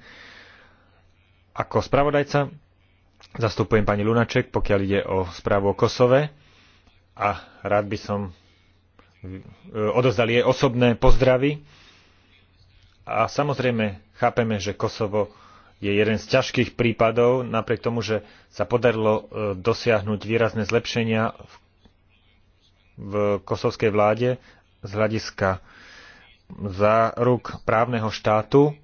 Ako spravodajca zastupujem pani Lunaček, pokiaľ ide o správu o Kosove a rád by som e, odozdal jej osobné pozdravy. A samozrejme chápeme, že Kosovo je jeden z ťažkých prípadov, napriek tomu, že sa podarilo e, dosiahnuť výrazné zlepšenia v kosovskej vláde z hľadiska záruk právneho štátu.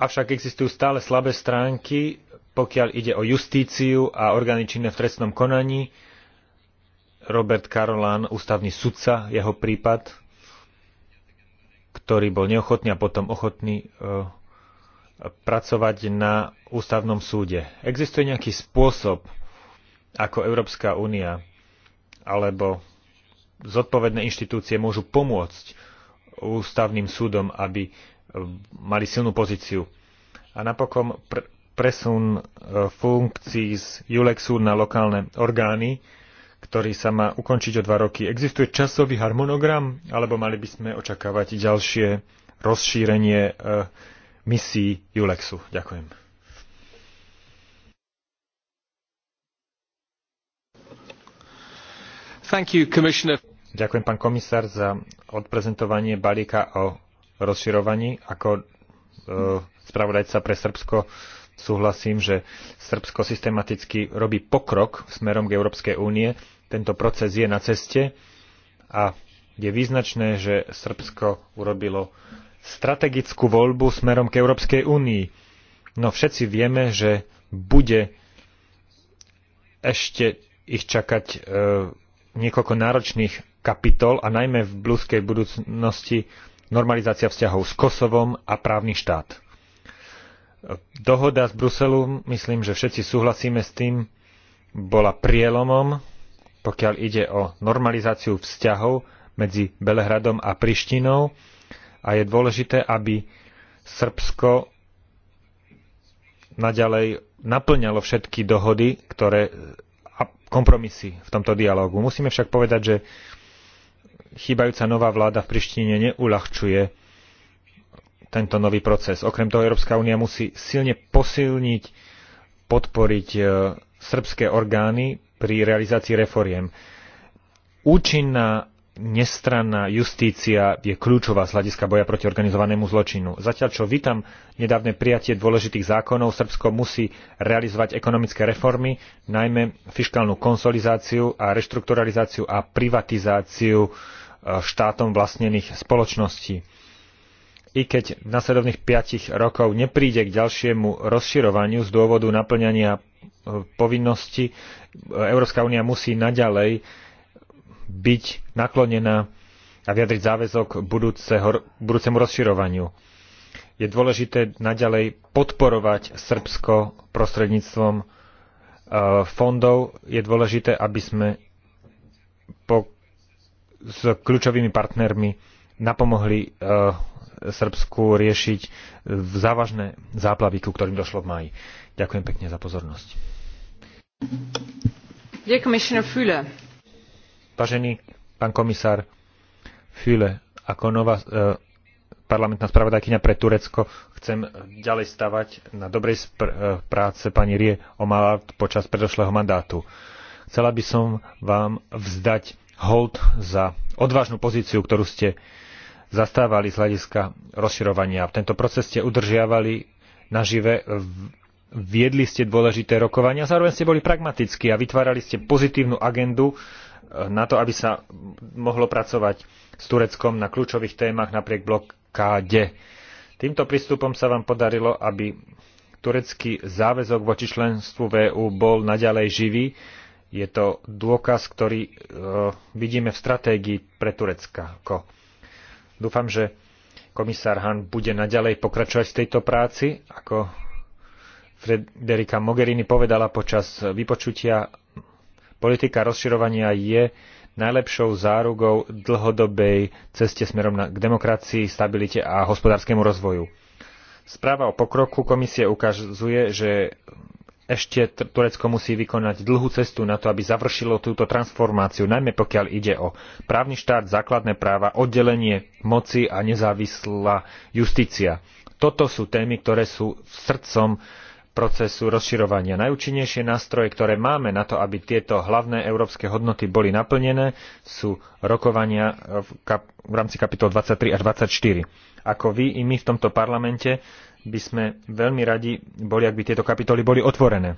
Avšak existujú stále slabé stránky, pokiaľ ide o justíciu a orgány činné v trestnom konaní. Robert Karolán, ústavný sudca, jeho prípad, ktorý bol neochotný a potom ochotný e, pracovať na ústavnom súde. Existuje nejaký spôsob, ako Európska únia alebo zodpovedné inštitúcie môžu pomôcť ústavným súdom, aby e, mali silnú pozíciu. A napokon pr- presun e, funkcií z Julexu na lokálne orgány, ktorý sa má ukončiť o dva roky. Existuje časový harmonogram, alebo mali by sme očakávať ďalšie rozšírenie e, misii Julexu. Ďakujem. Thank you, Commissioner. Ďakujem, pán komisár, za odprezentovanie balíka o rozširovaní. Ako e, spravodajca pre Srbsko súhlasím, že Srbsko systematicky robí pokrok smerom k Európskej únie. Tento proces je na ceste a je význačné, že Srbsko urobilo strategickú voľbu smerom k Európskej únii. No všetci vieme, že bude ešte ich čakať e, niekoľko náročných kapitol a najmä v blízkej budúcnosti normalizácia vzťahov s Kosovom a právny štát. Dohoda z Bruselu, myslím, že všetci súhlasíme s tým, bola prielomom, pokiaľ ide o normalizáciu vzťahov medzi Belehradom a Prištinou a je dôležité, aby Srbsko naďalej naplňalo všetky dohody, ktoré a kompromisy v tomto dialogu. Musíme však povedať, že chýbajúca nová vláda v Prištine neulahčuje tento nový proces. Okrem toho Európska únia musí silne posilniť, podporiť e, srbské orgány pri realizácii reforiem. Účinná nestranná justícia je kľúčová z hľadiska boja proti organizovanému zločinu. Zatiaľ, čo vítam nedávne prijatie dôležitých zákonov, Srbsko musí realizovať ekonomické reformy, najmä fiškálnu konsolizáciu a reštrukturalizáciu a privatizáciu e, štátom vlastnených spoločností. I keď v nasledovných 5 rokov nepríde k ďalšiemu rozširovaniu z dôvodu naplňania e, povinnosti, e, Európska únia musí naďalej byť naklonená a vyjadriť záväzok budúceho, budúcemu rozširovaniu. Je dôležité naďalej podporovať Srbsko prostredníctvom e, fondov. Je dôležité, aby sme po, s kľúčovými partnermi napomohli e, Srbsku riešiť závažné záplavy, ku ktorým došlo v maji. Ďakujem pekne za pozornosť. Ďakujem, Vážený pán komisár Füle, ako nová e, parlamentná spravodajkyňa pre Turecko chcem ďalej stavať na dobrej spr- e, práce pani Rie Omalard počas predošlého mandátu. Chcela by som vám vzdať hold za odvážnu pozíciu, ktorú ste zastávali z hľadiska rozširovania. Tento proces ste udržiavali nažive viedli ste dôležité rokovania, zároveň ste boli pragmatickí a vytvárali ste pozitívnu agendu na to, aby sa mohlo pracovať s Tureckom na kľúčových témach napriek blokáde. Týmto prístupom sa vám podarilo, aby turecký záväzok voči členstvu VU e bol naďalej živý. Je to dôkaz, ktorý e, vidíme v stratégii pre Turecka. Ko. Dúfam, že komisár Han bude naďalej pokračovať v tejto práci, ako Frederika Mogherini povedala počas vypočutia Politika rozširovania je najlepšou zárugou dlhodobej ceste smerom na, k demokracii, stabilite a hospodárskému rozvoju. Správa o pokroku komisie ukazuje, že ešte Turecko musí vykonať dlhú cestu na to, aby završilo túto transformáciu, najmä pokiaľ ide o právny štát, základné práva, oddelenie moci a nezávislá justícia. Toto sú témy, ktoré sú srdcom procesu rozširovania. Najúčinnejšie nástroje, ktoré máme na to, aby tieto hlavné európske hodnoty boli naplnené, sú rokovania v, kap- v rámci kapitol 23 až 24. Ako vy i my v tomto parlamente by sme veľmi radi boli, ak by tieto kapitoly boli otvorené.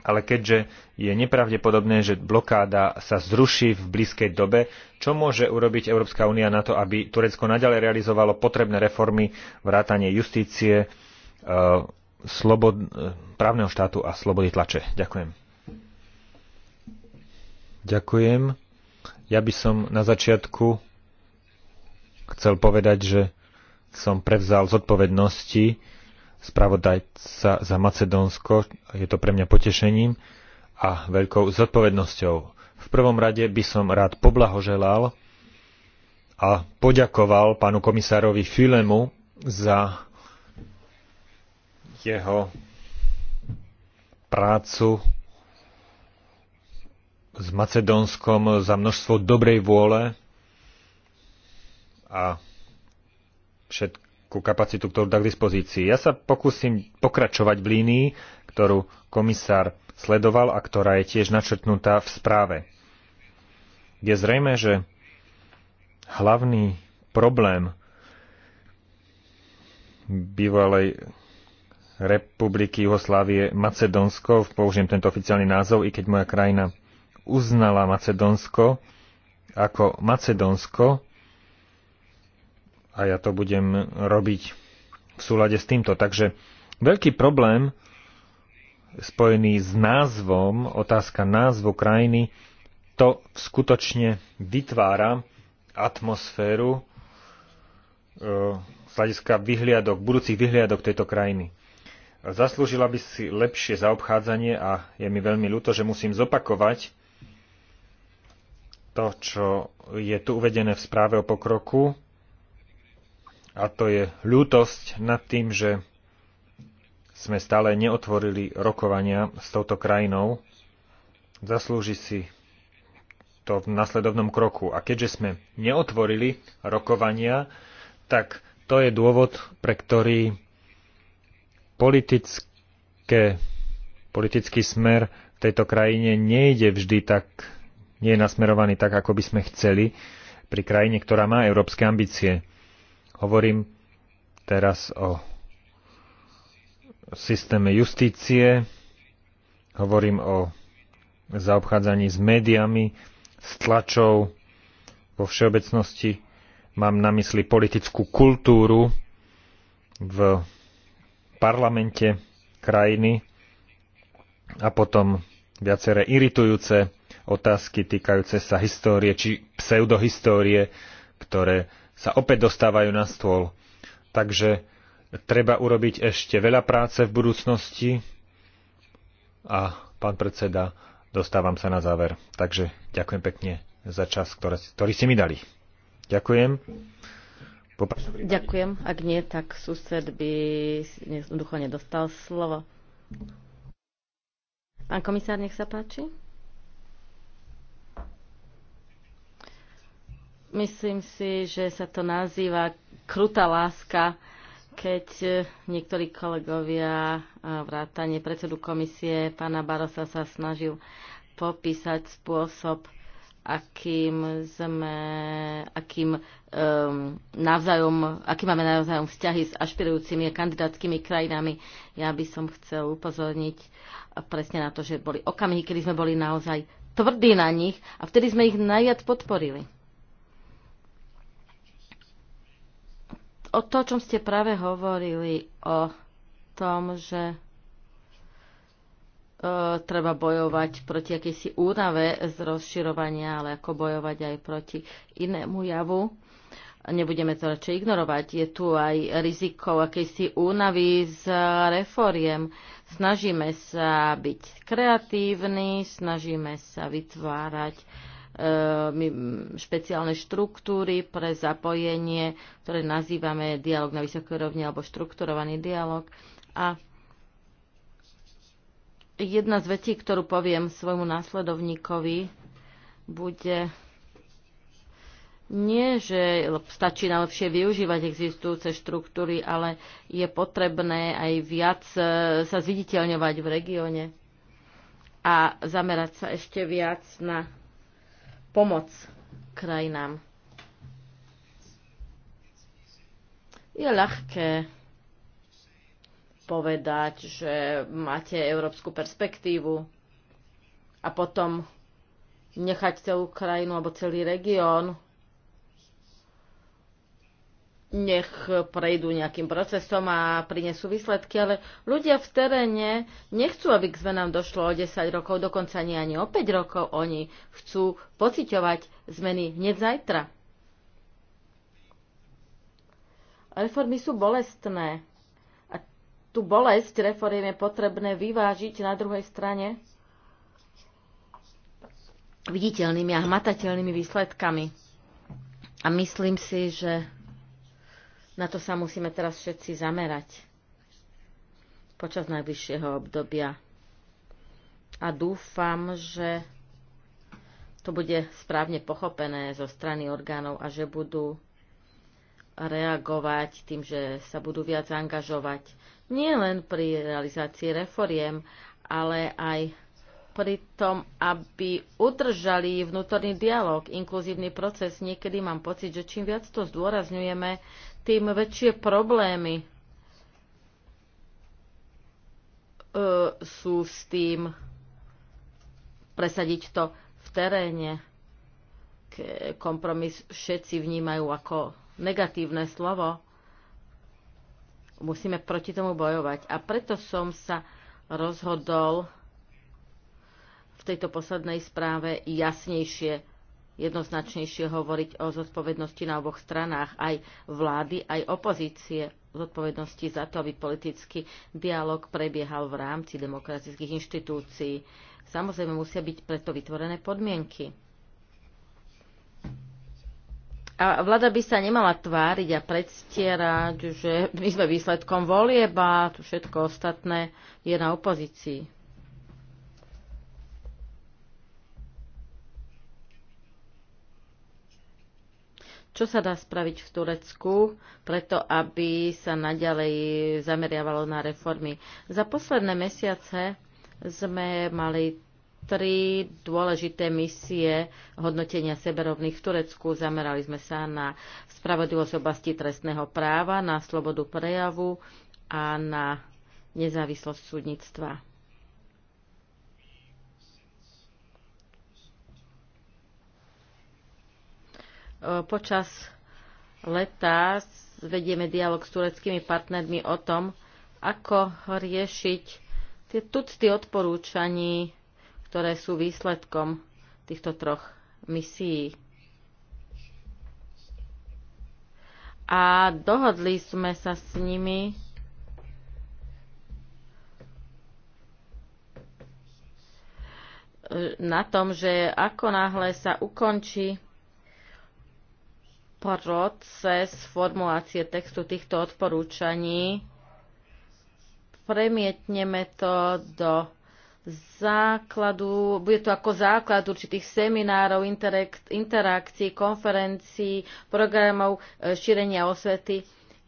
Ale keďže je nepravdepodobné, že blokáda sa zruší v blízkej dobe, čo môže urobiť Európska únia na to, aby Turecko naďalej realizovalo potrebné reformy, vrátanie justície, e, slobod, právneho štátu a slobody tlače. Ďakujem. Ďakujem. Ja by som na začiatku chcel povedať, že som prevzal zodpovednosti spravodajca za Macedónsko. Je to pre mňa potešením a veľkou zodpovednosťou. V prvom rade by som rád poblahoželal a poďakoval pánu komisárovi Filemu za jeho prácu s Macedónskom za množstvo dobrej vôle a všetku kapacitu, ktorú dá k dispozícii. Ja sa pokúsim pokračovať v línii, ktorú komisár sledoval a ktorá je tiež načrtnutá v správe. Je zrejme, že hlavný problém bývalej republiky Jugoslávie Macedónsko, použijem tento oficiálny názov, i keď moja krajina uznala Macedónsko ako Macedónsko, a ja to budem robiť v súlade s týmto. Takže veľký problém spojený s názvom, otázka názvu krajiny, to skutočne vytvára atmosféru e, z hľadiska vyhliadok, budúcich vyhliadok tejto krajiny. Zaslúžila by si lepšie zaobchádzanie a je mi veľmi ľúto, že musím zopakovať to, čo je tu uvedené v správe o pokroku, a to je ľútosť nad tým, že sme stále neotvorili rokovania s touto krajinou. Zaslúži si to v nasledovnom kroku. A keďže sme neotvorili rokovania, tak to je dôvod, pre ktorý politické, politický smer v tejto krajine nejde vždy tak, nie je nasmerovaný tak, ako by sme chceli pri krajine, ktorá má európske ambície. Hovorím teraz o systéme justície, hovorím o zaobchádzaní s médiami, s tlačou, vo všeobecnosti mám na mysli politickú kultúru v parlamente krajiny a potom viaceré iritujúce otázky týkajúce sa histórie či pseudohistórie, ktoré sa opäť dostávajú na stôl. Takže treba urobiť ešte veľa práce v budúcnosti a pán predseda, dostávam sa na záver. Takže ďakujem pekne za čas, ktorý, ktorý ste mi dali. Ďakujem. Ďakujem. Ak nie, tak sused by jednoducho nedostal slovo. Pán komisár, nech sa páči. Myslím si, že sa to nazýva krutá láska, keď niektorí kolegovia vrátane predsedu komisie pána Barosa sa snažil popísať spôsob, akým sme, akým um, navzájom, aký máme navzájom vzťahy s ašpirujúcimi kandidátskými krajinami. Ja by som chcel upozorniť presne na to, že boli okamihy, kedy sme boli naozaj tvrdí na nich a vtedy sme ich najviac podporili. O to, o čom ste práve hovorili, o tom, že E, treba bojovať proti akejsi únave z rozširovania, ale ako bojovať aj proti inému javu. Nebudeme to radšej ignorovať. Je tu aj riziko akejsi únavy z reforiem. Snažíme sa byť kreatívni, snažíme sa vytvárať e, špeciálne štruktúry pre zapojenie, ktoré nazývame dialog na vysokej rovni alebo štrukturovaný dialog. A Jedna z vecí, ktorú poviem svojmu následovníkovi, bude nie, že stačí najlepšie využívať existujúce štruktúry, ale je potrebné aj viac e, sa zviditeľňovať v regióne a zamerať sa ešte viac na pomoc krajinám. Je ľahké povedať, že máte európsku perspektívu a potom nechať celú krajinu alebo celý región nech prejdú nejakým procesom a prinesú výsledky, ale ľudia v teréne nechcú, aby k zmenám došlo o 10 rokov, dokonca nie ani o 5 rokov. Oni chcú pociťovať zmeny hneď zajtra. Reformy sú bolestné tú bolesť reforiem je potrebné vyvážiť na druhej strane viditeľnými a hmatateľnými výsledkami. A myslím si, že na to sa musíme teraz všetci zamerať počas najvyššieho obdobia. A dúfam, že to bude správne pochopené zo strany orgánov a že budú reagovať tým, že sa budú viac angažovať nie len pri realizácii reforiem, ale aj pri tom, aby udržali vnútorný dialog, inkluzívny proces. Niekedy mám pocit, že čím viac to zdôrazňujeme, tým väčšie problémy e, sú s tým presadiť to v teréne. Kompromis všetci vnímajú ako negatívne slovo musíme proti tomu bojovať. A preto som sa rozhodol v tejto poslednej správe jasnejšie, jednoznačnejšie hovoriť o zodpovednosti na oboch stranách, aj vlády, aj opozície, zodpovednosti za to, aby politický dialog prebiehal v rámci demokratických inštitúcií. Samozrejme musia byť preto vytvorené podmienky a vláda by sa nemala tváriť a predstierať, že my sme výsledkom volieb a to všetko ostatné je na opozícii. Čo sa dá spraviť v Turecku, preto aby sa naďalej zameriavalo na reformy? Za posledné mesiace sme mali tri dôležité misie hodnotenia seberovných v Turecku. Zamerali sme sa na spravodlivosť oblasti trestného práva, na slobodu prejavu a na nezávislosť súdnictva. Počas leta vedieme dialog s tureckými partnermi o tom, ako riešiť tie tucty odporúčaní ktoré sú výsledkom týchto troch misií. A dohodli sme sa s nimi e, na tom, že ako náhle sa ukončí proces formulácie textu týchto odporúčaní, premietneme to do základu, bude to ako základ určitých seminárov, interakcií, konferencií, programov e, šírenia osvety,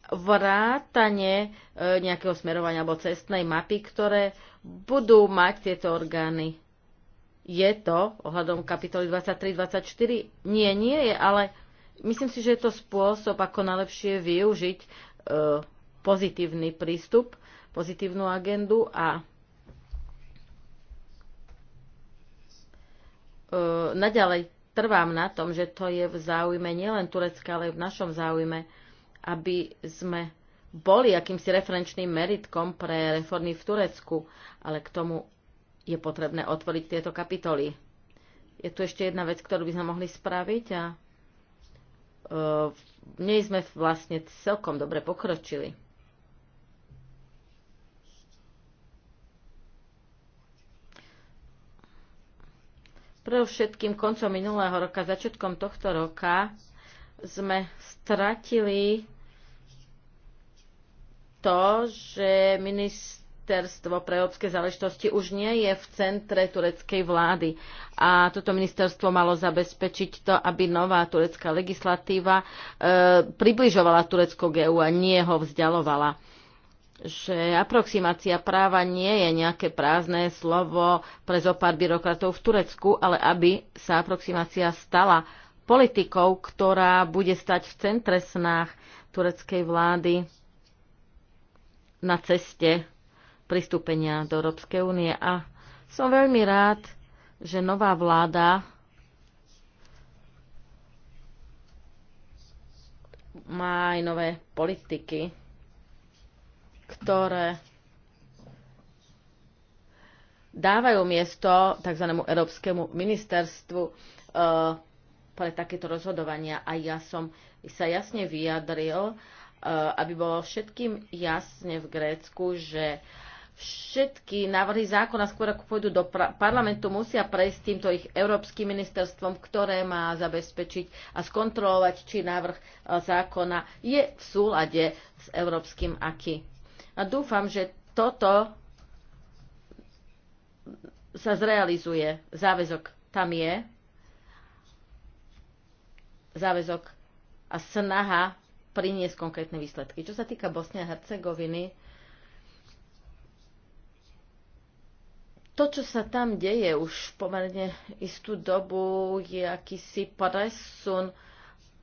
vrátanie e, nejakého smerovania alebo cestnej mapy, ktoré budú mať tieto orgány. Je to ohľadom kapitoly 23-24? Nie, nie je, ale myslím si, že je to spôsob, ako najlepšie využiť e, pozitívny prístup, pozitívnu agendu a E, naďalej trvám na tom, že to je v záujme nielen Turecka, ale aj v našom záujme, aby sme boli akýmsi referenčným meritkom pre reformy v Turecku, ale k tomu je potrebné otvoriť tieto kapitoly. Je tu ešte jedna vec, ktorú by sme mohli spraviť a e, v nej sme vlastne celkom dobre pokročili. Pre všetkým koncom minulého roka, začiatkom tohto roka sme stratili to, že ministerstvo pre európske záležitosti už nie je v centre tureckej vlády. A toto ministerstvo malo zabezpečiť to, aby nová turecká legislatíva e, približovala Turecko k EU a nie ho vzdialovala že aproximácia práva nie je nejaké prázdne slovo pre zopár byrokratov v Turecku, ale aby sa aproximácia stala politikou, ktorá bude stať v centre snách tureckej vlády na ceste pristúpenia do Európskej únie. A som veľmi rád, že nová vláda má aj nové politiky ktoré dávajú miesto tzv. Európskemu ministerstvu eh, pre takéto rozhodovania. A ja som sa jasne vyjadril, eh, aby bolo všetkým jasne v Grécku, že všetky návrhy zákona, skôr ako pôjdu do parlamentu, musia prejsť týmto ich Európskym ministerstvom, ktoré má zabezpečiť a skontrolovať, či návrh eh, zákona je v súlade s Európskym aký. A dúfam, že toto sa zrealizuje. Záväzok tam je. Záväzok a snaha priniesť konkrétne výsledky. Čo sa týka Bosne a Hercegoviny, to, čo sa tam deje už pomerne istú dobu, je akýsi presun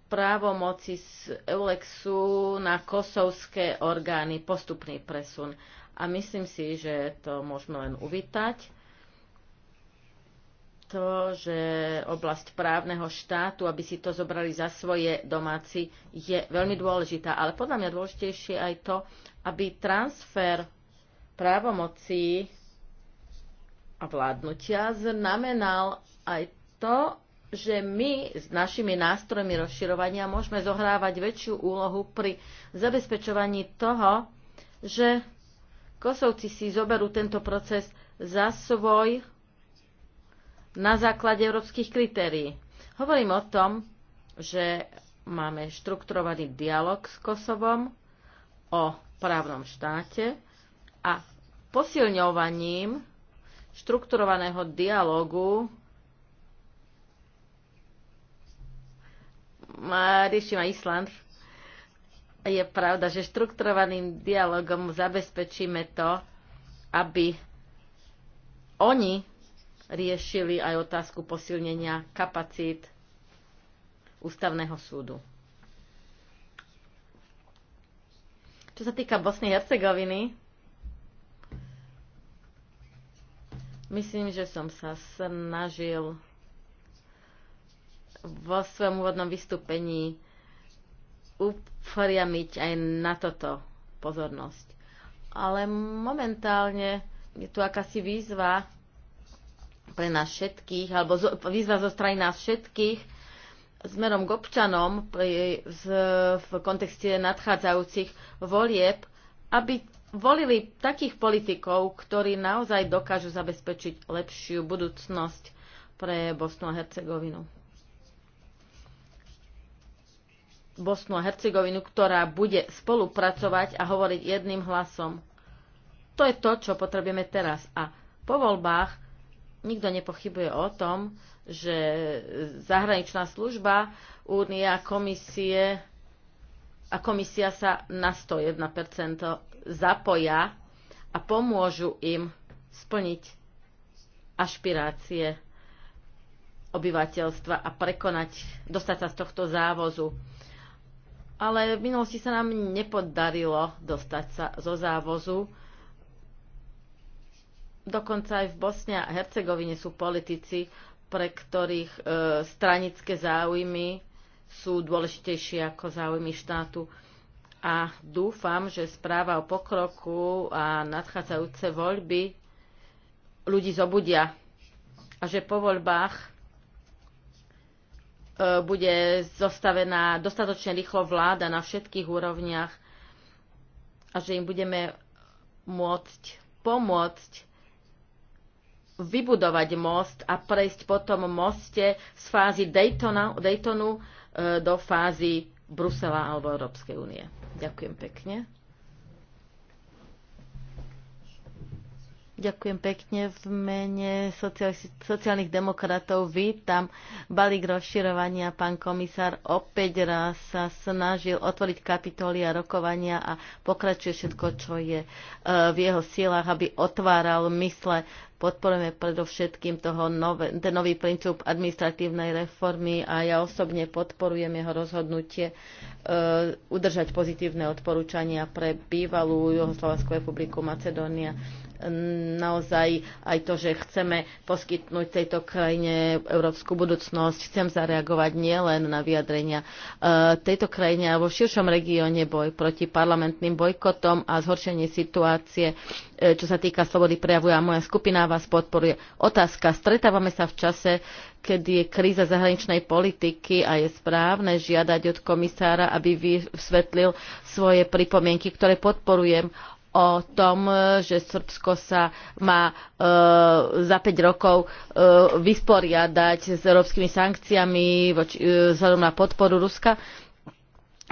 právomoci z Eulexu na kosovské orgány, postupný presun. A myslím si, že to môžeme len uvítať. To, že oblasť právneho štátu, aby si to zobrali za svoje domáci, je veľmi dôležitá. Ale podľa mňa dôležitejšie aj to, aby transfer právomocí a vládnutia znamenal aj to, že my s našimi nástrojmi rozširovania môžeme zohrávať väčšiu úlohu pri zabezpečovaní toho, že Kosovci si zoberú tento proces za svoj na základe európskych kritérií. Hovorím o tom, že máme štrukturovaný dialog s Kosovom o právnom štáte a posilňovaním štrukturovaného dialogu rieši ma Island. Je pravda, že štrukturovaným dialogom zabezpečíme to, aby oni riešili aj otázku posilnenia kapacít ústavného súdu. Čo sa týka Bosny a Hercegoviny, myslím, že som sa snažil vo svojom úvodnom vystúpení upriamiť aj na toto pozornosť. Ale momentálne je tu akási výzva pre nás všetkých, alebo zo, výzva zo strany nás všetkých smerom k občanom pri, z, v kontexte nadchádzajúcich volieb, aby volili takých politikov, ktorí naozaj dokážu zabezpečiť lepšiu budúcnosť pre Bosnu a Hercegovinu. Bosnu a Hercegovinu, ktorá bude spolupracovať a hovoriť jedným hlasom. To je to, čo potrebujeme teraz. A po voľbách nikto nepochybuje o tom, že zahraničná služba, únia, komisie a komisia sa na 101% zapoja a pomôžu im splniť ašpirácie obyvateľstva a prekonať, dostať sa z tohto závozu ale v minulosti sa nám nepodarilo dostať sa zo závozu. Dokonca aj v Bosne a Hercegovine sú politici, pre ktorých e, stranické záujmy sú dôležitejšie ako záujmy štátu. A dúfam, že správa o pokroku a nadchádzajúce voľby ľudí zobudia a že po voľbách E, bude zostavená dostatočne rýchlo vláda na všetkých úrovniach a že im budeme môcť pomôcť vybudovať most a prejsť po tom moste z fázy Daytona, Daytonu e, do fázy Brusela alebo Európskej únie. Ďakujem pekne. Ďakujem pekne. V mene sociálnych demokratov vítam balík rozširovania. Pán komisár opäť raz sa snažil otvoriť kapitoly a rokovania a pokračuje všetko, čo je e, v jeho silách, aby otváral mysle. Podporujeme predovšetkým toho nové, ten nový princíp administratívnej reformy a ja osobne podporujem jeho rozhodnutie e, udržať pozitívne odporúčania pre bývalú Juhoslovanskú republiku Macedónia naozaj aj to, že chceme poskytnúť tejto krajine európsku budúcnosť. Chcem zareagovať nielen na vyjadrenia e, tejto krajine, ale vo širšom regióne boj proti parlamentným bojkotom a zhoršenie situácie, e, čo sa týka slobody prejavu a moja skupina vás podporuje. Otázka. Stretávame sa v čase, kedy je kríza zahraničnej politiky a je správne žiadať od komisára, aby vysvetlil svoje pripomienky, ktoré podporujem o tom, že Srbsko sa má e, za 5 rokov e, vysporiadať s európskymi sankciami voči, e, vzhľadom na podporu Ruska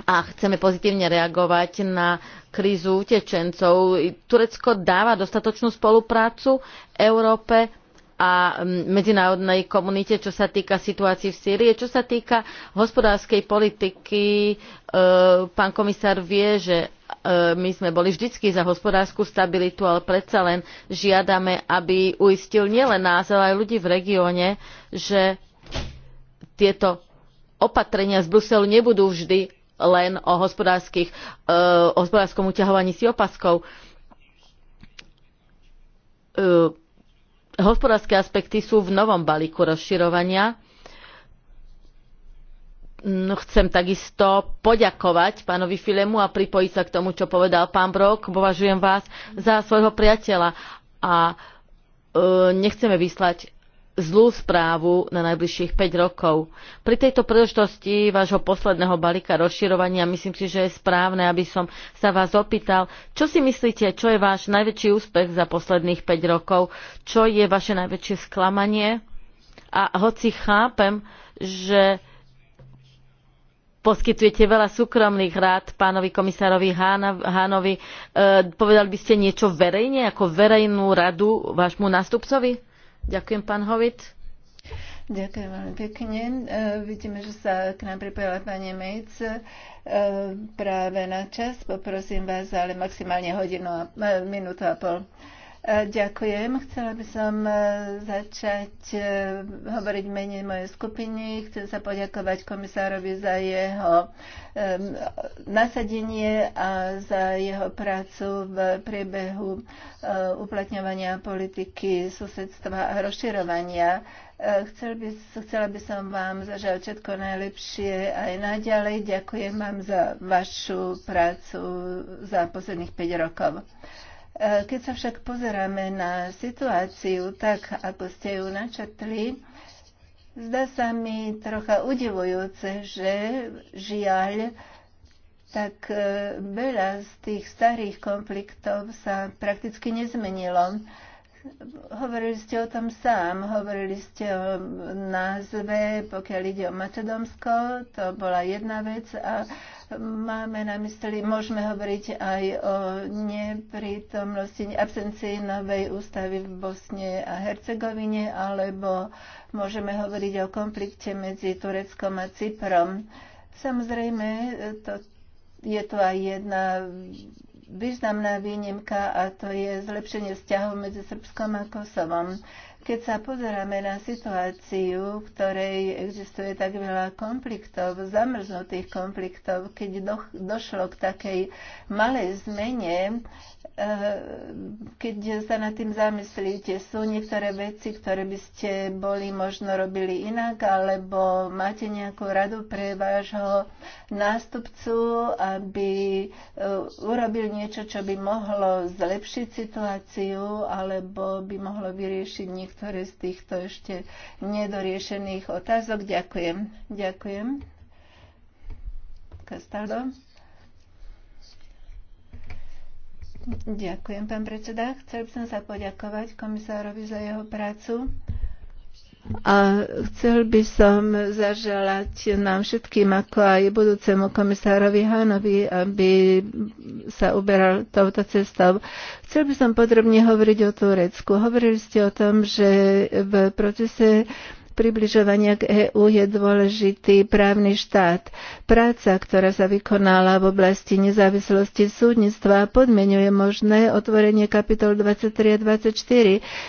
a chceme pozitívne reagovať na krízu utečencov. Turecko dáva dostatočnú spoluprácu Európe a medzinárodnej komunite, čo sa týka situácií v Sýrii. Čo sa týka hospodárskej politiky, e, pán komisár vie, že E, my sme boli vždycky za hospodárskú stabilitu, ale predsa len žiadame, aby uistil nielen nás, ale aj ľudí v regióne, že tieto opatrenia z Bruselu nebudú vždy len o, hospodárskych, e, o hospodárskom uťahovaní si opaskov. E, hospodárske aspekty sú v novom balíku rozširovania No, chcem takisto poďakovať pánovi Filemu a pripojiť sa k tomu, čo povedal pán Brok. Považujem vás za svojho priateľa a e, nechceme vyslať zlú správu na najbližších 5 rokov. Pri tejto príležitosti vášho posledného balíka rozširovania myslím si, že je správne, aby som sa vás opýtal, čo si myslíte, čo je váš najväčší úspech za posledných 5 rokov, čo je vaše najväčšie sklamanie? A hoci chápem, že poskytujete veľa súkromných rád pánovi komisárovi Hánovi. E, povedali by ste niečo verejne, ako verejnú radu vášmu nástupcovi? Ďakujem, pán Hovit. Ďakujem veľmi pekne. E, vidíme, že sa k nám pripojila pani Mejc e, práve na čas. Poprosím vás ale maximálne hodinu a minútu a pol. E, ďakujem. Chcela by som e, začať e, hovoriť menej mojej skupiny. Chcem sa poďakovať komisárovi za jeho nasadenie a za jeho prácu v priebehu uplatňovania politiky susedstva a rozširovania. Chcel by, chcela by som vám zažať všetko najlepšie aj naďalej. Ďakujem vám za vašu prácu za posledných 5 rokov. Keď sa však pozeráme na situáciu tak, ako ste ju načetli, zdá sa mi trocha udivujúce, že žiaľ tak e, veľa z tých starých konfliktov sa prakticky nezmenilo. Hovorili ste o tom sám, hovorili ste o názve, pokiaľ ide o Macedónsko, to bola jedna vec a Máme na mysli, môžeme hovoriť aj o neprítomnosti, absencii novej ústavy v Bosne a Hercegovine, alebo môžeme hovoriť o konflikte medzi Tureckom a Cyprom. Samozrejme, to, je to aj jedna významná výnimka a to je zlepšenie vzťahov medzi Srbskom a Kosovom. Keď sa pozeráme na situáciu, v ktorej existuje tak veľa konfliktov, zamrznutých konfliktov, keď do, došlo k takej malej zmene, eh, keď sa nad tým zamyslíte, sú niektoré veci, ktoré by ste boli možno robili inak, alebo máte nejakú radu pre vášho nástupcu, aby eh, urobil niečo, čo by mohlo zlepšiť situáciu, alebo by mohlo vyriešiť niektoré niektoré z týchto ešte nedoriešených otázok. Ďakujem. Ďakujem. Castaldo. Ďakujem, pán predseda. Chcel by som sa poďakovať komisárovi za jeho prácu. A chcel by som zaželať nám všetkým, ako aj budúcemu komisárovi Hanovi, aby sa uberal touto cestou. Chcel by som podrobne hovoriť o Turecku. Hovorili ste o tom, že v procese približovania k EÚ je dôležitý právny štát. Práca, ktorá sa vykonala v oblasti nezávislosti súdnictva, podmenuje možné otvorenie kapitol 23 a 24.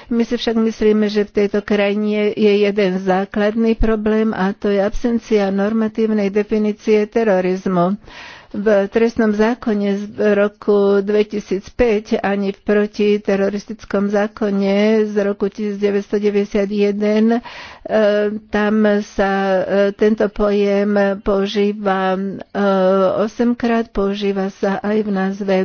My si však myslíme, že v tejto krajine je jeden základný problém a to je absencia normatívnej definície terorizmu v trestnom zákone z roku 2005 ani v protiteroristickom zákone z roku 1991. E, tam sa e, tento pojem používa 8 e, krát, používa sa aj v názve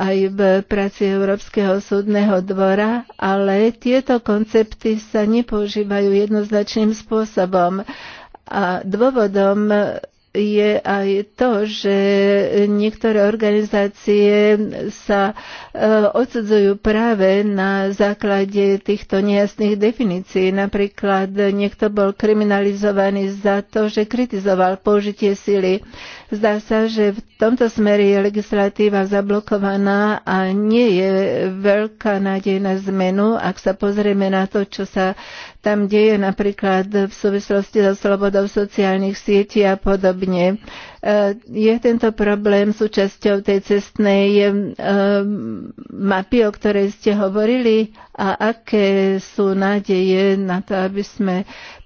aj v práci Európskeho súdneho dvora, ale tieto koncepty sa nepoužívajú jednoznačným spôsobom. A dôvodom je aj to, že niektoré organizácie sa e, odsudzujú práve na základe týchto nejasných definícií. Napríklad niekto bol kriminalizovaný za to, že kritizoval použitie sily. Zdá sa, že v tomto smere je legislatíva zablokovaná a nie je veľká nádej na zmenu, ak sa pozrieme na to, čo sa tam deje napríklad v súvislosti so slobodou sociálnych sietí a podobne. Eh, je tento problém súčasťou tej cestnej eh, mapy, o ktorej ste hovorili a aké sú nádeje na to, aby sme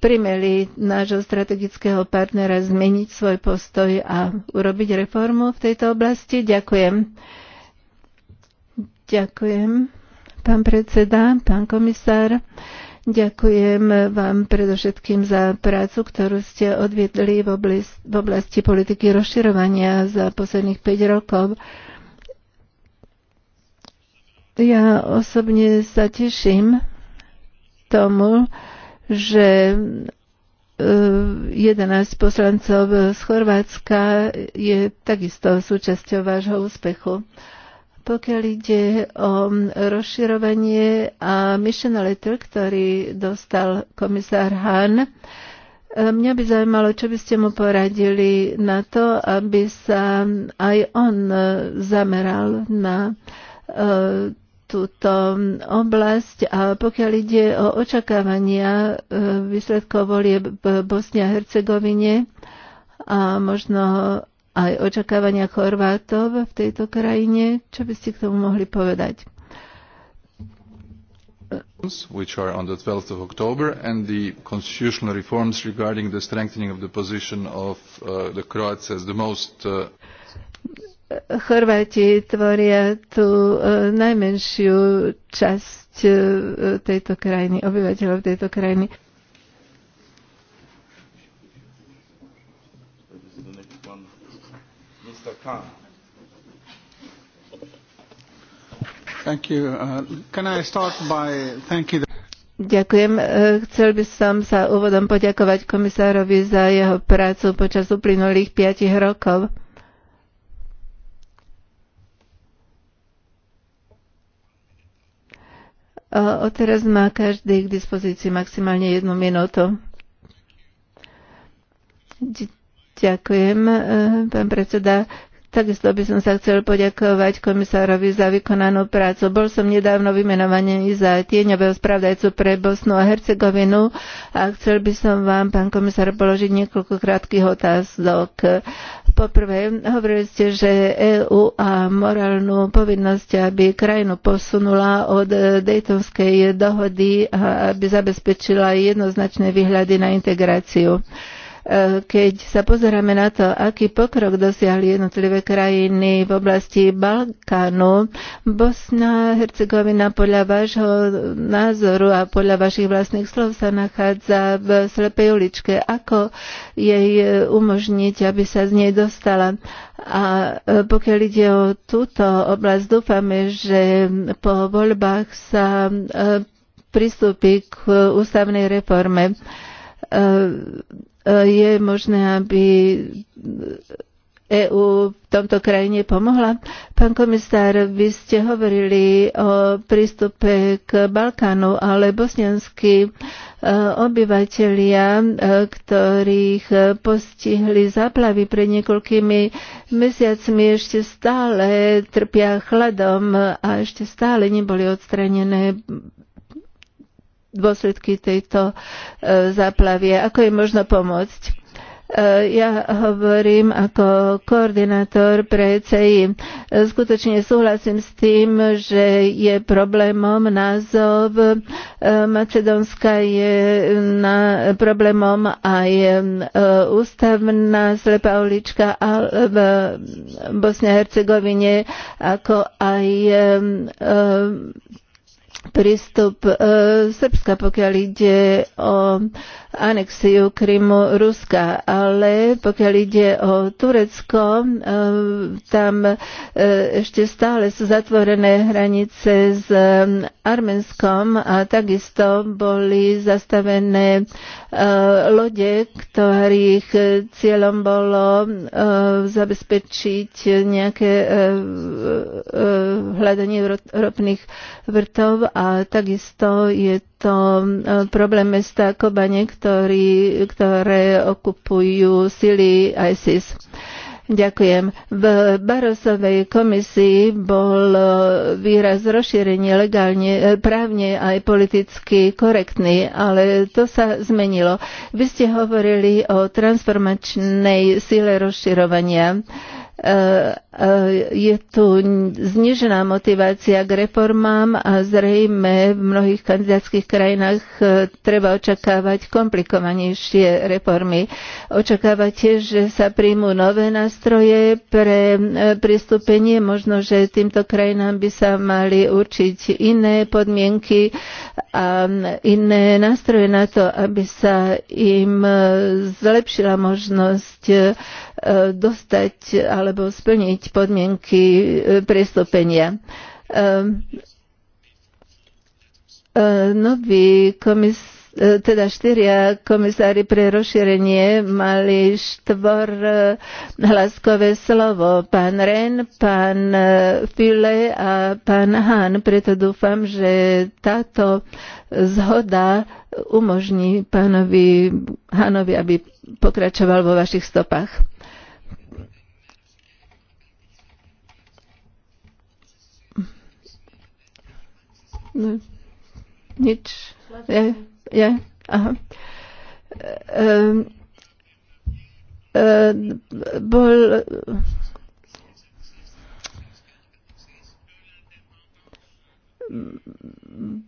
primeli nášho strategického partnera zmeniť svoj postoj a urobiť reformu v tejto oblasti? Ďakujem. Ďakujem, pán predseda, pán komisár. Ďakujem vám predovšetkým za prácu, ktorú ste odviedli v, oblasti, v oblasti politiky rozširovania za posledných 5 rokov. Ja osobne sa teším tomu, že 11 e, poslancov z Chorvátska je takisto súčasťou vášho úspechu. Pokiaľ ide o um, rozširovanie a Michel ktorý dostal komisár Hahn, um, Mňa by zaujímalo, čo by ste mu poradili na to, aby sa aj on uh, zameral na uh, túto oblasť a pokiaľ ide o očakávania uh, výsledkov volie v Bosne a Hercegovine a možno aj očakávania Chorvátov v tejto krajine. Čo by ste k tomu mohli povedať? which are on the 12th of October, and the constitutional reforms regarding the strengthening of the position of uh, the Croats as the most... Uh... Chorváti tvoria tú uh, najmenšiu časť uh, tejto krajiny, obyvateľov tejto krajiny. Khan. Thank you. Uh, can I start by thanking the Ďakujem. Uh, chcel by som sa úvodom poďakovať komisárovi za jeho prácu počas uplynulých 5 rokov. O teraz má každý k dispozícii maximálne jednu minútu. Ďakujem, uh, pán predseda. Takisto by som sa chcel poďakovať komisárovi za vykonanú prácu. Bol som nedávno vymenovaný za tieňového spravdajcu pre Bosnu a Hercegovinu a chcel by som vám, pán komisár, položiť niekoľko krátkých otázok. Poprvé, hovorili ste, že EÚ a morálnu povinnosť, aby krajinu posunula od Daytonskej dohody, a aby zabezpečila jednoznačné výhľady na integráciu. Keď sa pozeráme na to, aký pokrok dosiahli jednotlivé krajiny v oblasti Balkánu, Bosna, Hercegovina podľa vášho názoru a podľa vašich vlastných slov sa nachádza v slepej uličke. Ako jej umožniť, aby sa z nej dostala? A e, pokiaľ ide o túto oblasť, dúfame, že po voľbách sa e, pristúpi k ústavnej reforme. E, je možné, aby EÚ v tomto krajine pomohla. Pán komisár, vy ste hovorili o prístupe k Balkánu, ale bosnianskí e, obyvateľia, e, ktorých postihli záplavy pred niekoľkými mesiacmi, ešte stále trpia chladom a ešte stále neboli odstranené dôsledky tejto e, záplavy. Ako im možno pomôcť? E, ja hovorím ako koordinátor pre CEI. E, skutočne súhlasím s tým, že je problémom názov Macedónska je na, problémom aj ústavná slepá ulička v Bosne a Hercegovine, ako aj prístup e, Srbska, pokiaľ ide o anexiu Krymu Ruska, ale pokiaľ ide o Turecko, e, tam e, ešte stále sú zatvorené hranice s e, Arménskom a takisto boli zastavené e, lode, ktorých cieľom bolo e, zabezpečiť nejaké e, e, hľadanie ropných vrtov a takisto je to e, problém mesta Kobane, ktorý, ktoré okupujú sily ISIS. Ďakujem. V Barosovej komisii bol e, výraz rozšírenie legálne, e, právne aj politicky korektný, ale to sa zmenilo. Vy ste hovorili o transformačnej sile rozširovania. Eh, eh, je tu znižená motivácia k reformám a zrejme v mnohých kandidátskych krajinách eh, treba očakávať komplikovanejšie reformy. Očakávate, že sa príjmú nové nástroje pre pristúpenie, možno, že týmto krajinám by sa mali určiť iné podmienky a iné nástroje na to, aby sa im zlepšila možnosť Eh, dostať alebo splniť podmienky eh, prestúpenia. Eh, Nový komis teda štyria komisári pre rozšírenie mali štvor hlaskové slovo. Pán Ren, pán File a pán Han. Preto dúfam, že táto zhoda umožní pánovi Hanovi, aby pokračoval vo vašich stopách. No, nič. Je, je, aha. E, e, bol, mm,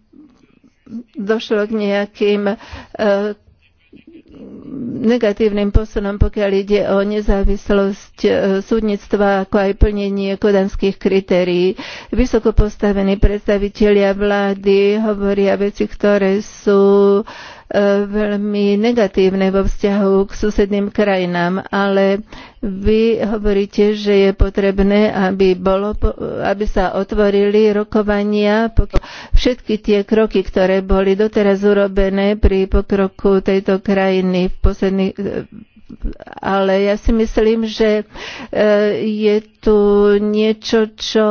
došlo k nejakým e, negatívnym posunom, pokiaľ ide o nezávislosť e, súdnictva, ako aj plnenie kodanských kritérií. Vysoko postavení predstavitelia vlády hovoria veci, ktoré sú veľmi negatívne vo vzťahu k susedným krajinám, ale vy hovoríte, že je potrebné, aby, bolo, aby sa otvorili rokovania. Všetky tie kroky, ktoré boli doteraz urobené pri pokroku tejto krajiny v posledných ale ja si myslím, že e, je tu niečo, čo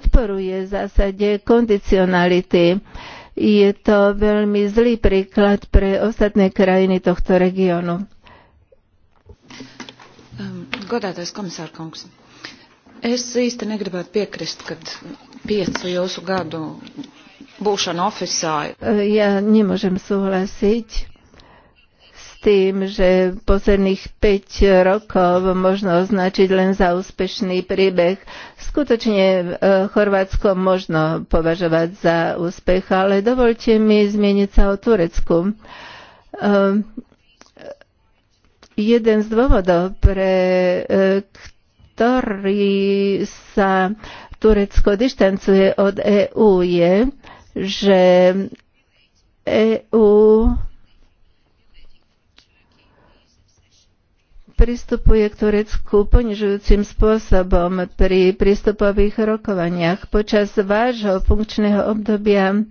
odporuje zásade kondicionality. Je to veľmi zlý príklad pre ostatné krajiny tohto regiónu. Ehm, godātais komisār kungs, es īsti negribētu piekrist, kad piecu jūsu gadu būšanu ofisā. Ja nemôžem súhlasiť tým, že posledných 5 rokov možno označiť len za úspešný príbeh. Skutočne e, Chorvátsko možno považovať za úspech, ale dovolte mi zmieniť sa o Turecku. E, jeden z dôvodov, pre e, ktorý sa Turecko dištancuje od EÚ je, že EÚ pristupuje k Turecku ponižujúcim spôsobom pri prístupových rokovaniach. Počas vášho funkčného obdobia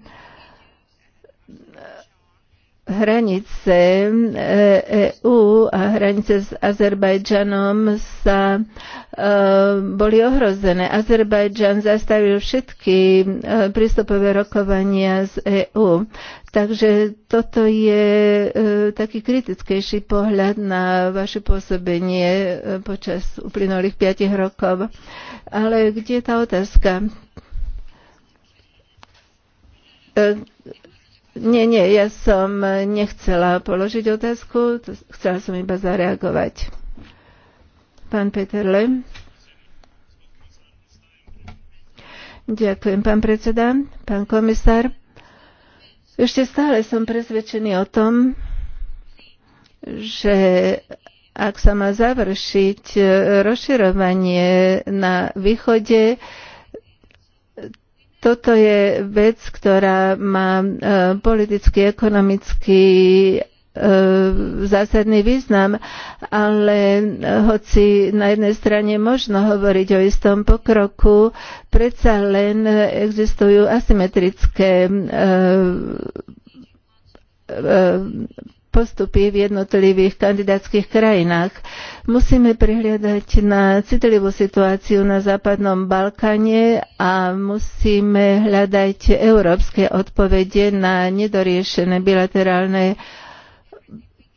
hranice eh, EU a hranice s Azerbajdžanom sa e, boli ohrozené. Azerbajdžan zastavil všetky e, prístupové rokovania z EU. Takže toto je e, taký kritickejší pohľad na vaše pôsobenie počas uplynulých 5 rokov. Ale kde je tá otázka? Nie, nie, ja som nechcela položiť otázku, chcela som iba zareagovať. Pán Peterle. Ďakujem, pán predseda, pán komisár. Ešte stále som presvedčený o tom, že ak sa má završiť e, rozširovanie na východe, toto je vec, ktorá má e, politický, ekonomický e, zásadný význam, ale e, hoci na jednej strane možno hovoriť o istom pokroku, predsa len existujú asymetrické postupy v jednotlivých kandidátskych krajinách. Musíme prihliadať na citlivú situáciu na Západnom Balkáne a musíme hľadať európske odpovede na nedoriešené bilaterálne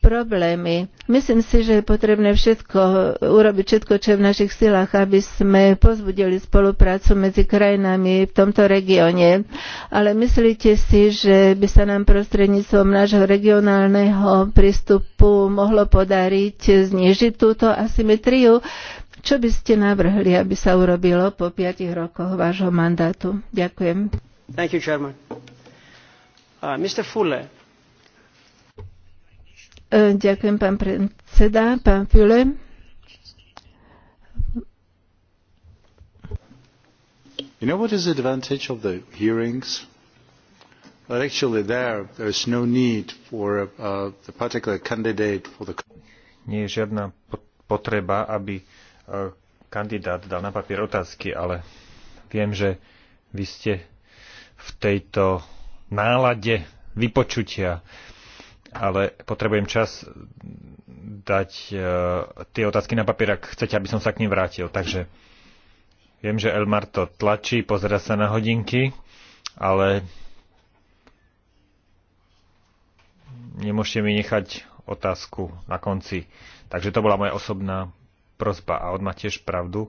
problémy. Myslím si, že je potrebné všetko, urobiť všetko, čo je v našich silách, aby sme pozbudili spoluprácu medzi krajinami v tomto regióne. Ale myslíte si, že by sa nám prostredníctvom nášho regionálneho prístupu mohlo podariť znižiť túto asymetriu? Čo by ste navrhli, aby sa urobilo po piatich rokoch vášho mandátu? Ďakujem. Thank you, Chairman. Uh, Mr. Fuller, E, ďakujem, pán predseda, pán Fule. You know what is the advantage of the hearings? But actually, there there is no need for uh, the particular candidate for the. Nie je žiadna potreba, aby uh, kandidát dal na papier otázky, ale viem, že vy ste v tejto nálade vypočutia uh, ale potrebujem čas dať uh, tie otázky na papier, ak chcete, aby som sa k ním vrátil. Takže viem, že Elmar to tlačí, pozera sa na hodinky, ale nemôžete mi nechať otázku na konci. Takže to bola moja osobná prozba. A on má tiež pravdu, e,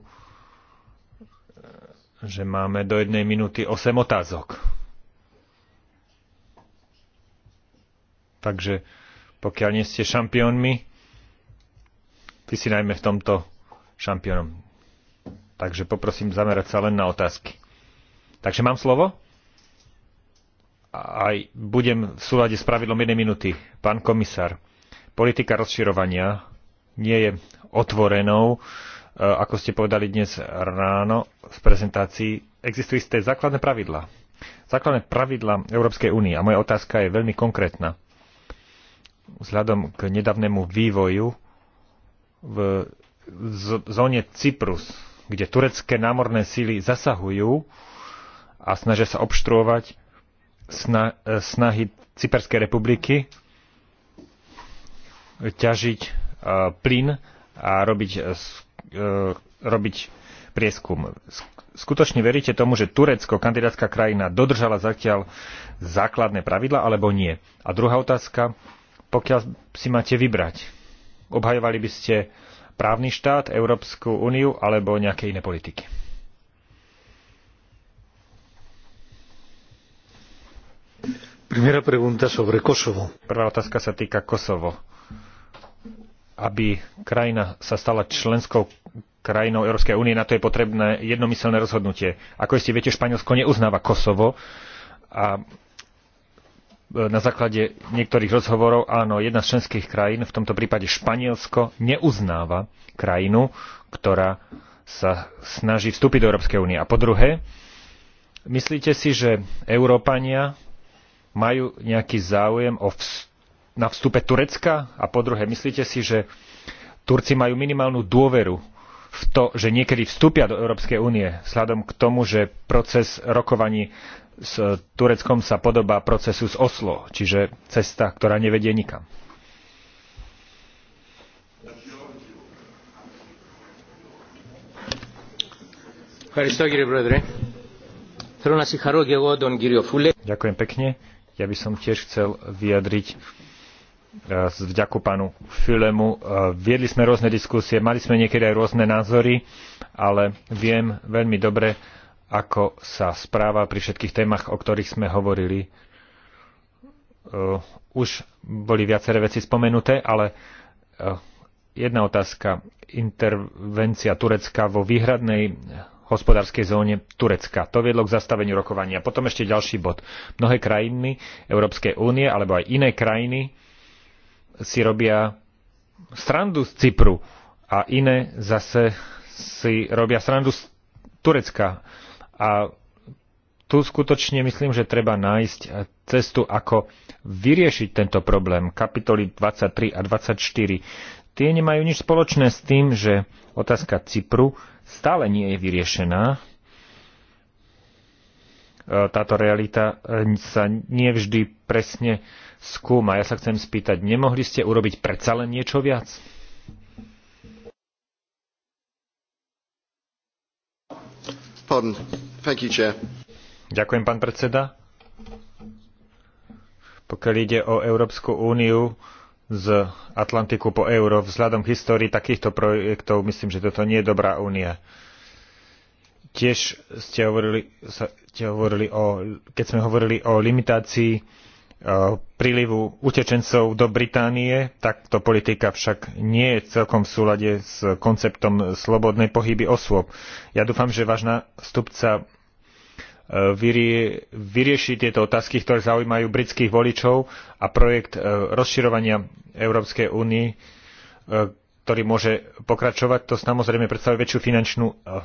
že máme do jednej minúty 8 otázok. Takže pokiaľ nie ste šampiónmi, ty si najmä v tomto šampiónom. Takže poprosím zamerať sa len na otázky. Takže mám slovo? Aj budem v súlade s pravidlom jednej minúty. Pán komisár, politika rozširovania nie je otvorenou, e, ako ste povedali dnes ráno v prezentácii, existujú isté základné pravidlá. Základné pravidlá Európskej únie. A moja otázka je veľmi konkrétna vzhľadom k nedávnemu vývoju v zóne Cyprus, kde turecké námorné síly zasahujú a snažia sa obštruovať e, snahy Cyperskej republiky ťažiť e, plyn a robiť, e, robiť prieskum. Skutočne veríte tomu, že Turecko, kandidátska krajina, dodržala zatiaľ základné pravidla alebo nie? A druhá otázka, pokiaľ si máte vybrať. Obhajovali by ste právny štát, Európsku úniu alebo nejaké iné politiky. Prvá otázka sa týka Kosovo. Aby krajina sa stala členskou krajinou Európskej únie, na to je potrebné jednomyselné rozhodnutie. Ako ste viete, Španielsko neuznáva Kosovo a E, na základe niektorých rozhovorov, áno, jedna z členských krajín, v tomto prípade Španielsko, neuznáva krajinu, ktorá sa snaží vstúpiť do Európskej únie. A po druhé, myslíte si, že Európania majú nejaký záujem o vst- na vstupe Turecka? A po druhé, myslíte si, že Turci majú minimálnu dôveru v to, že niekedy vstúpia do Európskej únie, vzhľadom k tomu, že proces rokovaní s Tureckom sa podobá procesu z Oslo, čiže cesta, ktorá nevedie nikam. Ďakujem pekne. Ja by som tiež chcel vyjadriť e, vďaku pánu Filemu. E, viedli sme rôzne diskusie, mali sme niekedy aj rôzne názory, ale viem veľmi dobre, ako sa správa pri všetkých témach, o ktorých sme hovorili. E, už boli viaceré veci spomenuté, ale e, jedna otázka. Intervencia Turecka vo výhradnej hospodárskej zóne Turecka. To viedlo k zastaveniu rokovania. Potom ešte ďalší bod. Mnohé krajiny Európskej únie alebo aj iné krajiny si robia strandu z Cypru a iné zase si robia strandu z Turecka. A tu skutočne myslím, že treba nájsť cestu, ako vyriešiť tento problém. Kapitoly 23 a 24. Tie nemajú nič spoločné s tým, že otázka Cypru stále nie je vyriešená. E, táto realita e, sa nevždy presne skúma. Ja sa chcem spýtať, nemohli ste urobiť predsa len niečo viac? Pardon. Ďakujem, pán predseda. Pokiaľ ide o Európsku úniu z Atlantiku po euro, vzhľadom k histórii takýchto projektov, myslím, že toto nie je dobrá únia. Tiež ste hovorili, ste hovorili o, keď sme hovorili o limitácii prílivu utečencov do Británie, takto politika však nie je celkom v súlade s konceptom slobodnej pohyby osôb. Ja dúfam, že váš nástupca vyrie, vyrieši tieto otázky, ktoré zaujímajú britských voličov a projekt e, rozširovania Európskej únie, ktorý môže pokračovať, to samozrejme predstavuje väčšiu finančnú, e,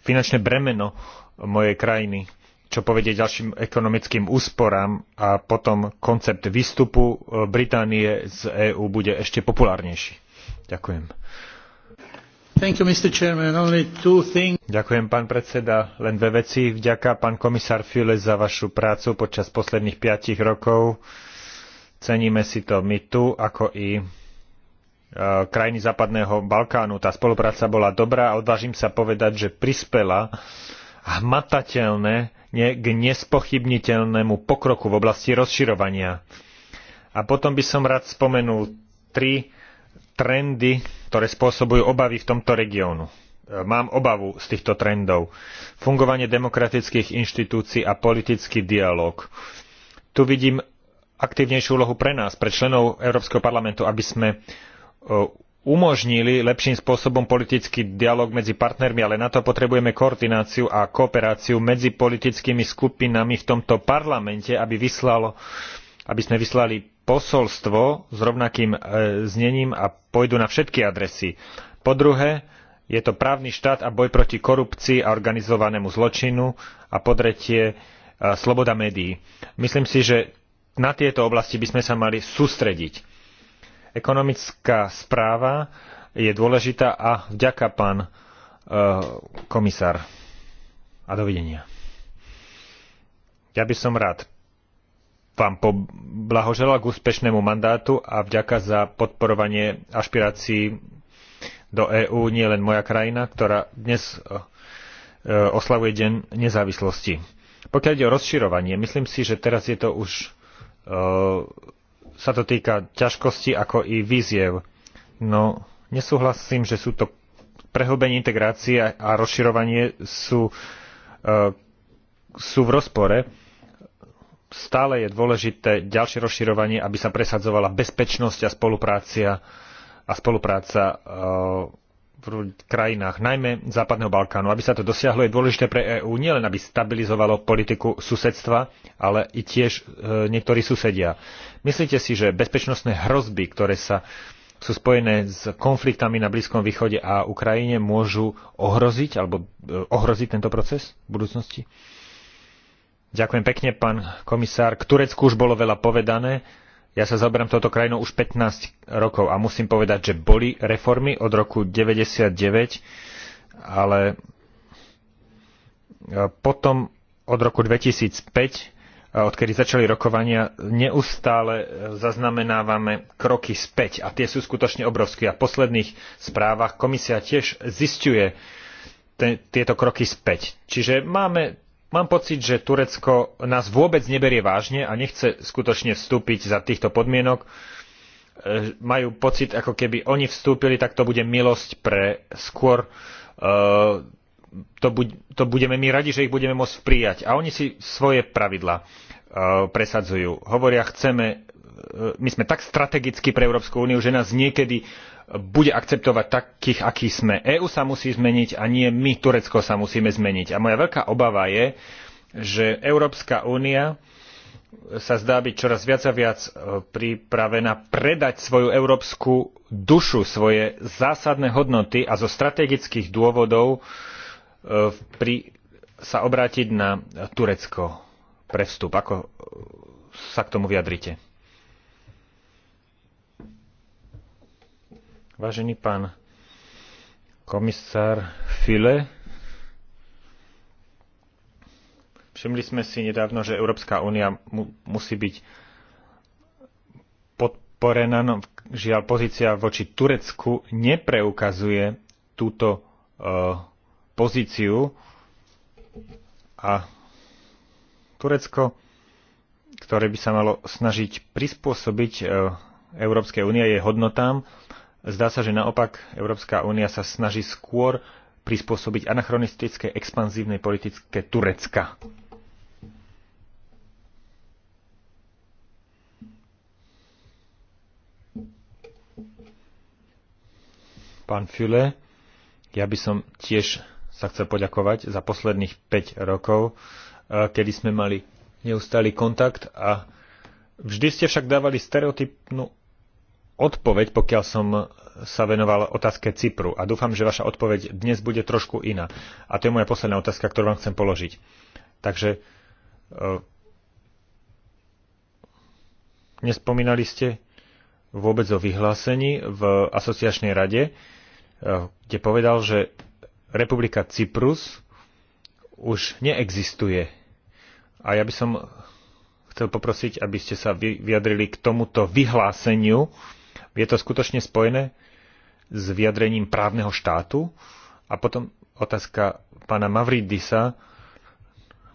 finančné bremeno mojej krajiny, čo povedie ďalším ekonomickým úsporám a potom koncept výstupu e, Británie z EÚ bude ešte populárnejší. Ďakujem. Ďakujem, pán predseda. Len dve veci. Vďaka, pán komisár fle za vašu prácu počas posledných piatich rokov. Ceníme si to my tu, ako i e, krajiny Západného Balkánu. Tá spolupráca bola dobrá a odvážim sa povedať, že prispela hmatateľne k nespochybniteľnému pokroku v oblasti rozširovania. A potom by som rád spomenul tri trendy, ktoré spôsobujú obavy v tomto regiónu. E, mám obavu z týchto trendov. Fungovanie demokratických inštitúcií a politický dialog. Tu vidím aktívnejšiu úlohu pre nás, pre členov Európskeho parlamentu, aby sme e, umožnili lepším spôsobom politický dialog medzi partnermi, ale na to potrebujeme koordináciu a kooperáciu medzi politickými skupinami v tomto parlamente, aby, vyslalo, aby sme vyslali posolstvo s rovnakým e, znením a pôjdu na všetky adresy. Po druhé, je to právny štát a boj proti korupcii a organizovanému zločinu a po tretie, e, sloboda médií. Myslím si, že na tieto oblasti by sme sa mali sústrediť. Ekonomická správa je dôležitá a vďaka pán e, komisár. A dovidenia. Ja by som rád vám poblahoželal k úspešnému mandátu a vďaka za podporovanie ašpirácií do EÚ nie len moja krajina, ktorá dnes eh, eh, oslavuje Deň nezávislosti. Pokiaľ ide o rozširovanie, myslím si, že teraz je to už eh, sa to týka ťažkosti ako i víziev. No nesúhlasím, že sú to prehlbenie integrácie a rozširovanie sú, sú v rozpore stále je dôležité ďalšie rozširovanie, aby sa presadzovala bezpečnosť a spoluprácia a spolupráca e, v krajinách, najmä Západného Balkánu. Aby sa to dosiahlo, je dôležité pre EÚ nielen, aby stabilizovalo politiku susedstva, ale i tiež e, niektorí susedia. Myslíte si, že bezpečnostné hrozby, ktoré sa sú spojené s konfliktami na Blízkom východe a Ukrajine, môžu ohroziť alebo e, ohroziť tento proces v budúcnosti? Ďakujem pekne, pán komisár. K Turecku už bolo veľa povedané. Ja sa zaoberám touto krajinou už 15 rokov a musím povedať, že boli reformy od roku 99, ale e, potom od roku 2005, e, odkedy začali rokovania, neustále e, zaznamenávame kroky späť a tie sú skutočne obrovské. A v posledných správach komisia tiež zistuje, tieto kroky späť. Čiže máme Mám pocit, že Turecko nás vôbec neberie vážne a nechce skutočne vstúpiť za týchto podmienok. E, majú pocit, ako keby oni vstúpili, tak to bude milosť pre skôr. E, to, to budeme my radi, že ich budeme môcť prijať. A oni si svoje pravidla e, presadzujú. Hovoria, chceme, my sme tak strategicky pre Európsku úniu, že nás niekedy bude akceptovať takých, akí sme. EÚ sa musí zmeniť a nie my, Turecko, sa musíme zmeniť. A moja veľká obava je, že Európska únia sa zdá byť čoraz viac a viac e, pripravená predať svoju európsku dušu, svoje zásadné hodnoty a zo strategických dôvodov e, pri, sa obrátiť na Turecko pre vstup. Ako sa k tomu vyjadrite? Vážený pán komisár File, všimli sme si nedávno, že Európska únia mu, musí byť podporená, no žiaľ pozícia voči Turecku nepreukazuje túto uh, pozíciu a Turecko, ktoré by sa malo snažiť prispôsobiť uh, Európskej únie jej hodnotám, Zdá sa, že naopak Európska únia sa snaží skôr prispôsobiť anachronistické expanzívnej politické Turecka. Pán Füle, ja by som tiež sa chcel poďakovať za posledných 5 rokov, e, kedy sme mali neustály kontakt a vždy ste však dávali stereotypnú odpoveď, pokiaľ som sa venoval otázke Cypru a dúfam, že vaša odpoveď dnes bude trošku iná. A to je moja posledná otázka, ktorú vám chcem položiť. Takže eh, nespomínali ste vôbec o vyhlásení v asociačnej rade, eh, kde povedal, že Republika Cyprus už neexistuje. A ja by som chcel poprosiť, aby ste sa vyjadrili k tomuto vyhláseniu, je to skutočne spojené s vyjadrením právneho štátu? A potom otázka pána Mavridisa.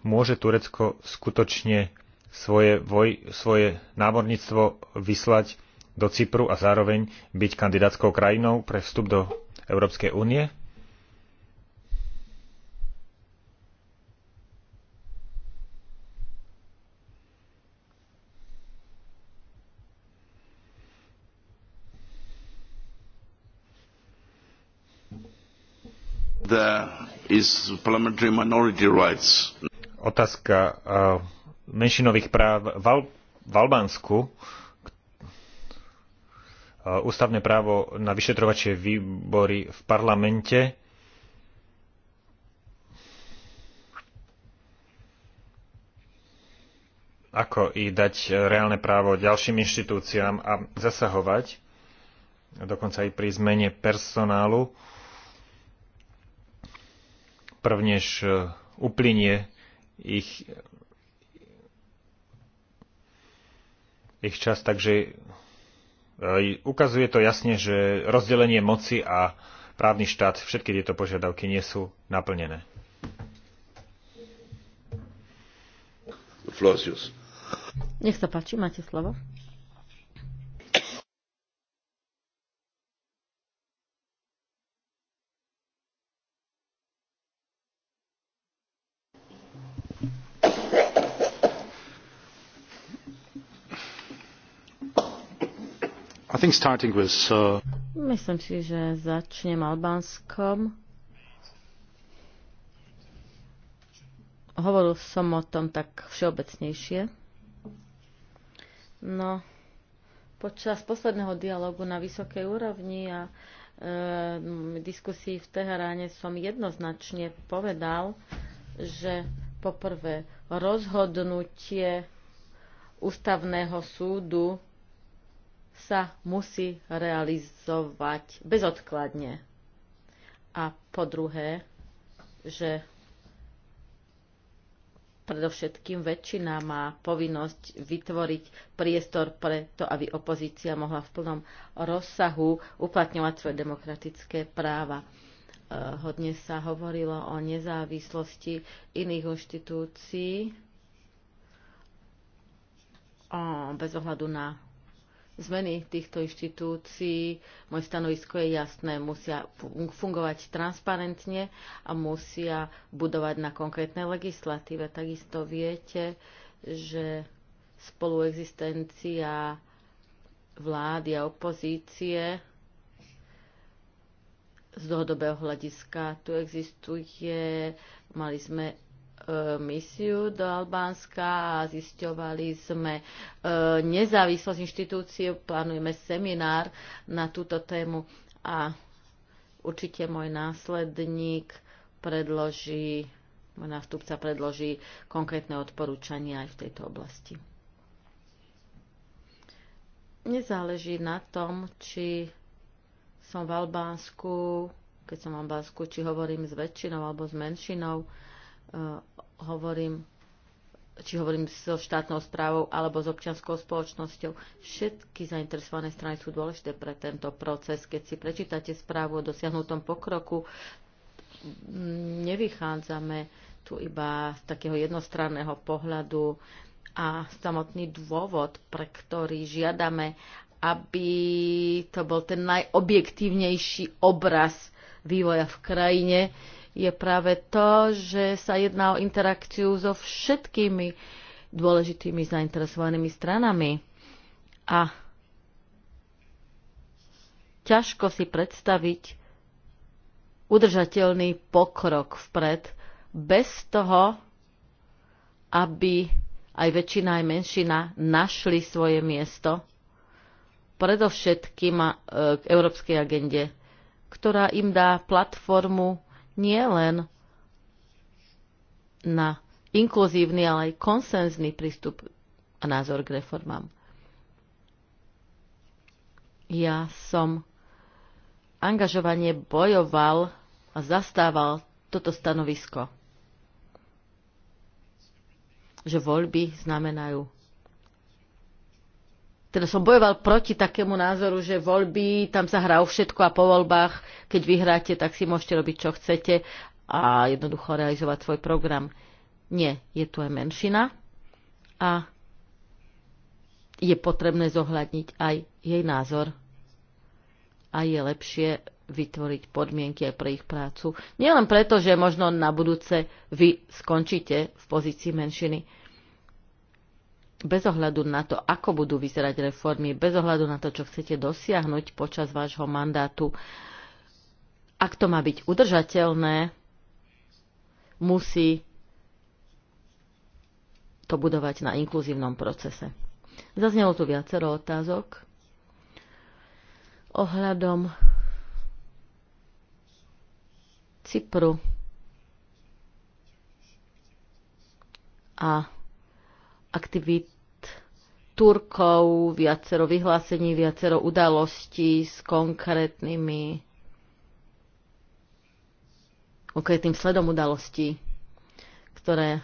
Môže Turecko skutočne svoje, voj, svoje námorníctvo vyslať do Cypru a zároveň byť kandidátskou krajinou pre vstup do Európskej únie? Otázka uh, menšinových práv v, Albánsku. Uh, ústavné právo na vyšetrovačie výbory v parlamente. ako i dať reálne právo ďalším inštitúciám a zasahovať, dokonca aj pri zmene personálu. Uh, prvnež e, uplynie ich, ich čas. Takže e, ukazuje to jasne, že rozdelenie moci a právny štát, všetky tieto požiadavky nie sú naplnené. Flosius. Nech sa páči, máte slovo. Uh, Myslím si, že začnem Albánskom. Hovoril som o tom tak všeobecnejšie. No, počas posledného dialogu na vysokej úrovni a e, diskusii v Teheráne som jednoznačne povedal, že poprvé rozhodnutie ústavného súdu sa musí realizovať bezodkladne. A po druhé, že predovšetkým väčšina má povinnosť vytvoriť priestor pre to, aby opozícia mohla v plnom rozsahu uplatňovať svoje demokratické práva. E, hodne sa hovorilo o nezávislosti iných inštitúcií bez ohľadu na zmeny týchto inštitúcií, moje stanovisko je jasné, musia fungovať transparentne a musia budovať na konkrétnej legislatíve. Takisto viete, že spoluexistencia vlády a opozície z dlhodobého hľadiska tu existuje. Mali sme E, misiu do Albánska a zisťovali sme e, nezávislosť inštitúcie. plánujeme seminár na túto tému a určite môj následník predloží, môj nástupca predloží konkrétne odporúčania aj v tejto oblasti. Nezáleží na tom, či som v Albánsku, keď som v Albánsku, či hovorím s väčšinou alebo s menšinou, Eh, hovorím či hovorím so štátnou správou alebo s občianskou spoločnosťou. Všetky zainteresované strany sú dôležité pre tento proces. Keď si prečítate správu o dosiahnutom pokroku, nevychádzame tu iba z takého jednostranného pohľadu a samotný dôvod, pre ktorý žiadame, aby to bol ten najobjektívnejší obraz vývoja v krajine, je práve to, že sa jedná o interakciu so všetkými dôležitými zainteresovanými stranami. A ťažko si predstaviť udržateľný pokrok vpred bez toho, aby aj väčšina, aj menšina našli svoje miesto, predovšetkým e, k európskej agende, ktorá im dá platformu nie len na inkluzívny, ale aj konsenzný prístup a názor k reformám. Ja som angažovanie bojoval a zastával toto stanovisko, že voľby znamenajú teda som bojoval proti takému názoru, že voľby, tam sa hrá o všetko a po voľbách, keď vyhráte, tak si môžete robiť, čo chcete a jednoducho realizovať svoj program. Nie, je tu aj menšina a je potrebné zohľadniť aj jej názor a je lepšie vytvoriť podmienky aj pre ich prácu. Nielen preto, že možno na budúce vy skončíte v pozícii menšiny, bez ohľadu na to, ako budú vyzerať reformy, bez ohľadu na to, čo chcete dosiahnuť počas vášho mandátu, ak to má byť udržateľné, musí to budovať na inkluzívnom procese. Zaznelo tu viacero otázok ohľadom Cypru a aktivít Turkov, viacero vyhlásení, viacero udalostí s konkrétnymi konkrétnym sledom udalostí, ktoré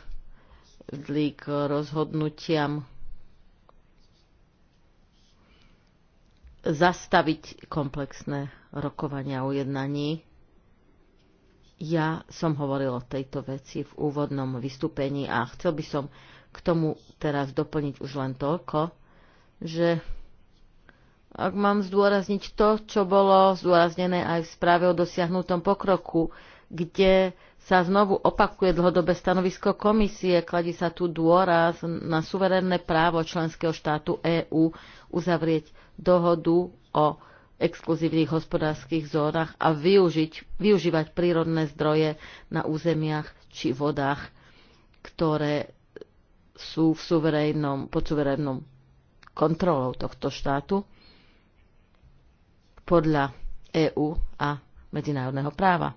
vedli k rozhodnutiam zastaviť komplexné rokovania o jednaní. Ja som hovoril o tejto veci v úvodnom vystúpení a chcel by som k tomu teraz doplniť už len toľko, že ak mám zdôrazniť to, čo bolo zdôraznené aj v správe o dosiahnutom pokroku, kde sa znovu opakuje dlhodobé stanovisko komisie, kladí sa tu dôraz na suverénne právo členského štátu EÚ uzavrieť dohodu o exkluzívnych hospodárskych zónach a využiť, využívať prírodné zdroje na územiach či vodách, ktoré sú v suverénnom, pod suverénnom kontrolou tohto štátu podľa EÚ a medzinárodného práva.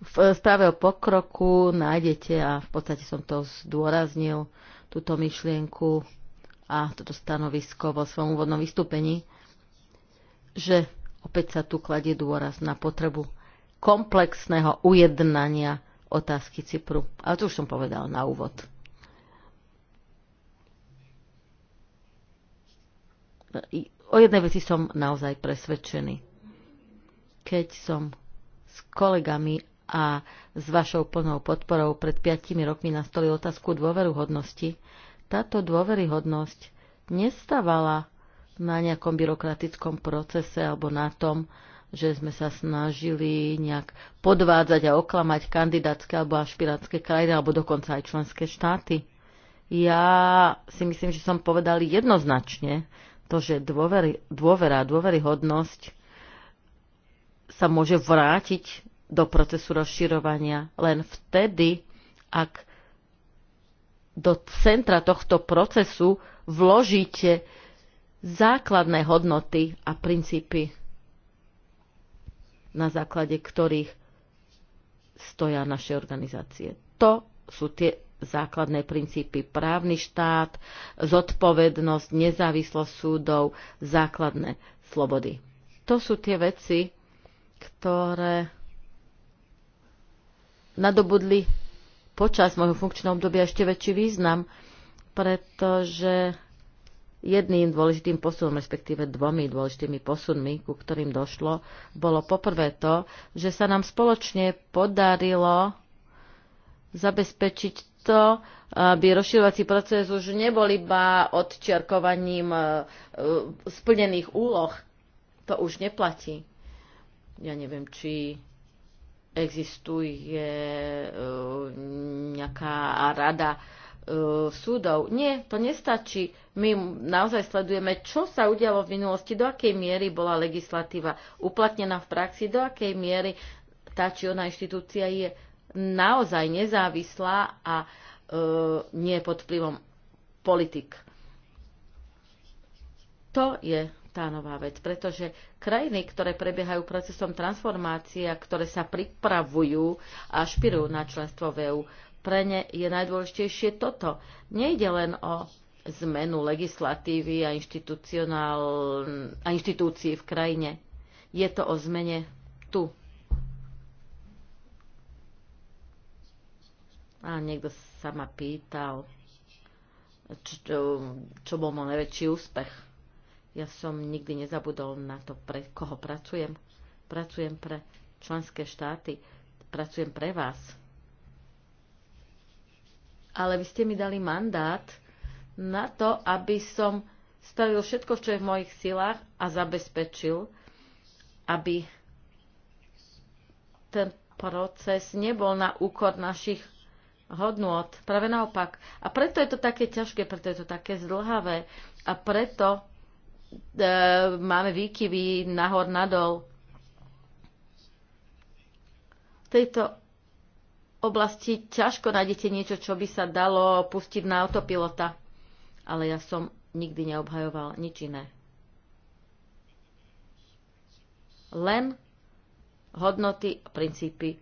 V správe o pokroku nájdete, a v podstate som to zdôraznil, túto myšlienku a toto stanovisko vo svojom úvodnom vystúpení, že opäť sa tu kladie dôraz na potrebu komplexného ujednania otázky Cypru. Ale to už som povedal na úvod. O jednej veci som naozaj presvedčený. Keď som s kolegami a s vašou plnou podporou pred piatimi rokmi nastoli otázku dôveruhodnosti, táto dôveryhodnosť nestávala na nejakom byrokratickom procese alebo na tom, že sme sa snažili nejak podvádzať a oklamať kandidátske alebo ašpirátske krajiny, alebo dokonca aj členské štáty. Ja si myslím, že som povedal jednoznačne to, že dôvery, dôvera, dôveryhodnosť sa môže vrátiť do procesu rozširovania len vtedy, ak do centra tohto procesu vložíte základné hodnoty a princípy na základe ktorých stoja naše organizácie. To sú tie základné princípy. Právny štát, zodpovednosť, nezávislosť súdov, základné slobody. To sú tie veci, ktoré nadobudli počas môjho funkčného obdobia ešte väčší význam, pretože Jedným dôležitým posunom, respektíve dvomi dôležitými posunmi, ku ktorým došlo, bolo poprvé to, že sa nám spoločne podarilo zabezpečiť to, aby rozširovací proces už nebol iba odčiarkovaním e, e, splnených úloh. To už neplatí. Ja neviem, či existuje e, nejaká rada E, súdov. Nie, to nestačí. My naozaj sledujeme, čo sa udialo v minulosti, do akej miery bola legislatíva uplatnená v praxi, do akej miery tá či ona inštitúcia je naozaj nezávislá a e, nie pod vplyvom politik. To je tá nová vec, pretože krajiny, ktoré prebiehajú procesom transformácie a ktoré sa pripravujú a špirujú na členstvo v e pre ne je najdôležitejšie toto. Nejde len o zmenu legislatívy a, a inštitúcií v krajine. Je to o zmene tu. A niekto sa ma pýtal, čo, čo, bol môj najväčší úspech. Ja som nikdy nezabudol na to, pre koho pracujem. Pracujem pre členské štáty, pracujem pre vás ale vy ste mi dali mandát na to, aby som spravil všetko, čo je v mojich silách a zabezpečil, aby ten proces nebol na úkor našich hodnôt. Práve naopak. A preto je to také ťažké, preto je to také zdlhavé a preto e, máme výkyvy nahor nadol. V tejto oblasti ťažko nájdete niečo, čo by sa dalo pustiť na autopilota. Ale ja som nikdy neobhajoval nič iné. Len hodnoty, princípy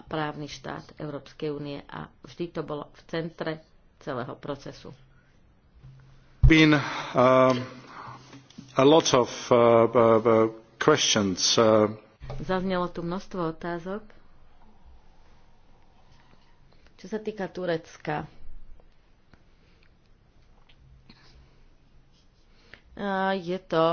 a právny štát Európskej únie a vždy to bolo v centre celého procesu. Been, uh, a lot of, uh, uh, uh, questions, uh... Zaznelo tu množstvo otázok. Čo sa týka Turecka, je to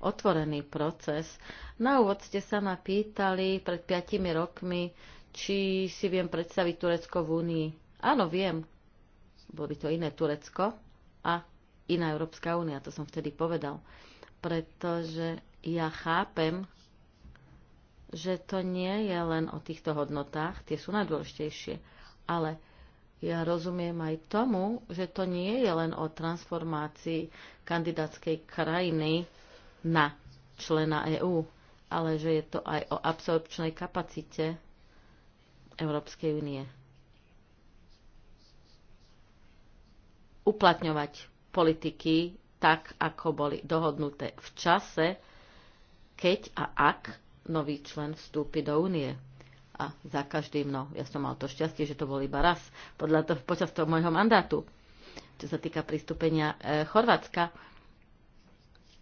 otvorený proces. Na úvod ste sa ma pýtali pred piatimi rokmi, či si viem predstaviť Turecko v Únii. Áno, viem. Bolo by to iné Turecko a iná Európska únia, to som vtedy povedal. Pretože ja chápem, že to nie je len o týchto hodnotách, tie sú najdôležitejšie ale ja rozumiem aj tomu, že to nie je len o transformácii kandidátskej krajiny na člena EÚ, ale že je to aj o absorpčnej kapacite Európskej únie. Uplatňovať politiky tak, ako boli dohodnuté v čase, keď a ak nový člen vstúpi do únie a za každým, no ja som mal to šťastie, že to bol iba raz podľa toho, počas toho môjho mandátu, čo sa týka pristúpenia e, Chorvátska.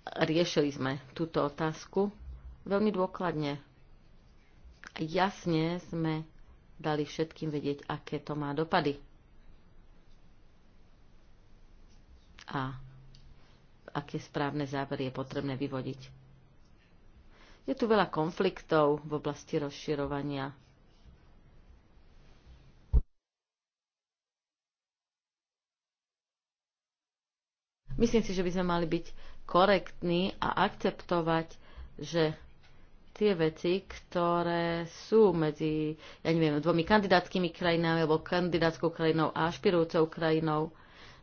Riešili sme túto otázku veľmi dôkladne. Jasne sme dali všetkým vedieť, aké to má dopady. A aké správne závery je potrebné vyvodiť je tu veľa konfliktov v oblasti rozširovania. Myslím si, že by sme mali byť korektní a akceptovať, že tie veci, ktoré sú medzi, ja neviem, dvomi kandidátskými krajinami alebo kandidátskou krajinou a špirujúcou krajinou,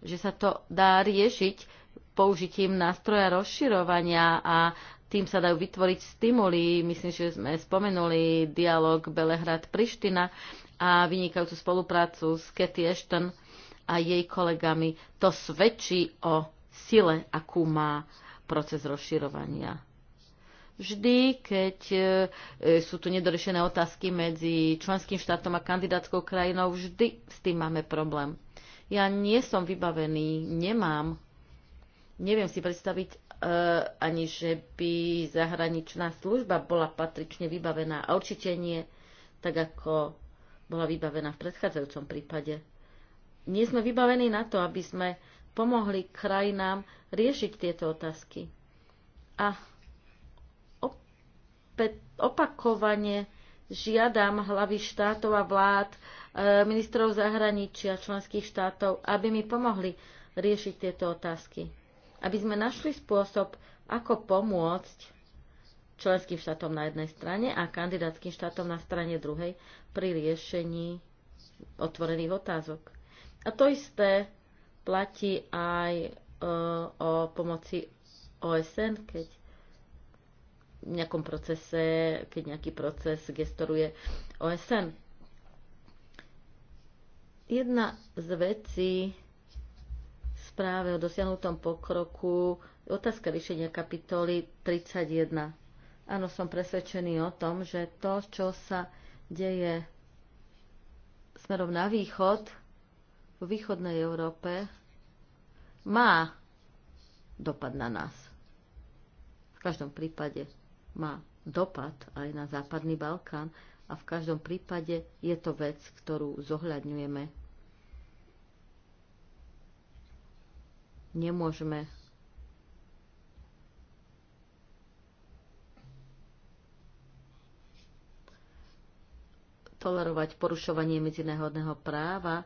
že sa to dá riešiť použitím nástroja rozširovania a tým sa dajú vytvoriť stimuly. Myslím, že sme spomenuli dialog Belehrad-Priština a vynikajúcu spoluprácu s Cathy Ashton a jej kolegami. To svedčí o sile, akú má proces rozširovania. Vždy, keď e, sú tu nedorešené otázky medzi členským štátom a kandidátskou krajinou, vždy s tým máme problém. Ja nie som vybavený, nemám, neviem si predstaviť E, ani že by zahraničná služba bola patrične vybavená. A určite nie tak, ako bola vybavená v predchádzajúcom prípade. Nie sme vybavení na to, aby sme pomohli krajinám riešiť tieto otázky. A opäť opakovane žiadam hlavy štátov a vlád, e, ministrov zahraničia členských štátov, aby mi pomohli riešiť tieto otázky aby sme našli spôsob, ako pomôcť členským štátom na jednej strane a kandidátským štátom na strane druhej pri riešení otvorených otázok. A to isté platí aj e, o pomoci OSN, keď v nejakom procese, keď nejaký proces gestoruje OSN. Jedna z vecí, správe o dosiahnutom pokroku otázka riešenia kapitoly 31. Áno, som presvedčený o tom, že to, čo sa deje smerom na východ, v východnej Európe, má dopad na nás. V každom prípade má dopad aj na západný Balkán a v každom prípade je to vec, ktorú zohľadňujeme nemôžeme tolerovať porušovanie medzinárodného práva e,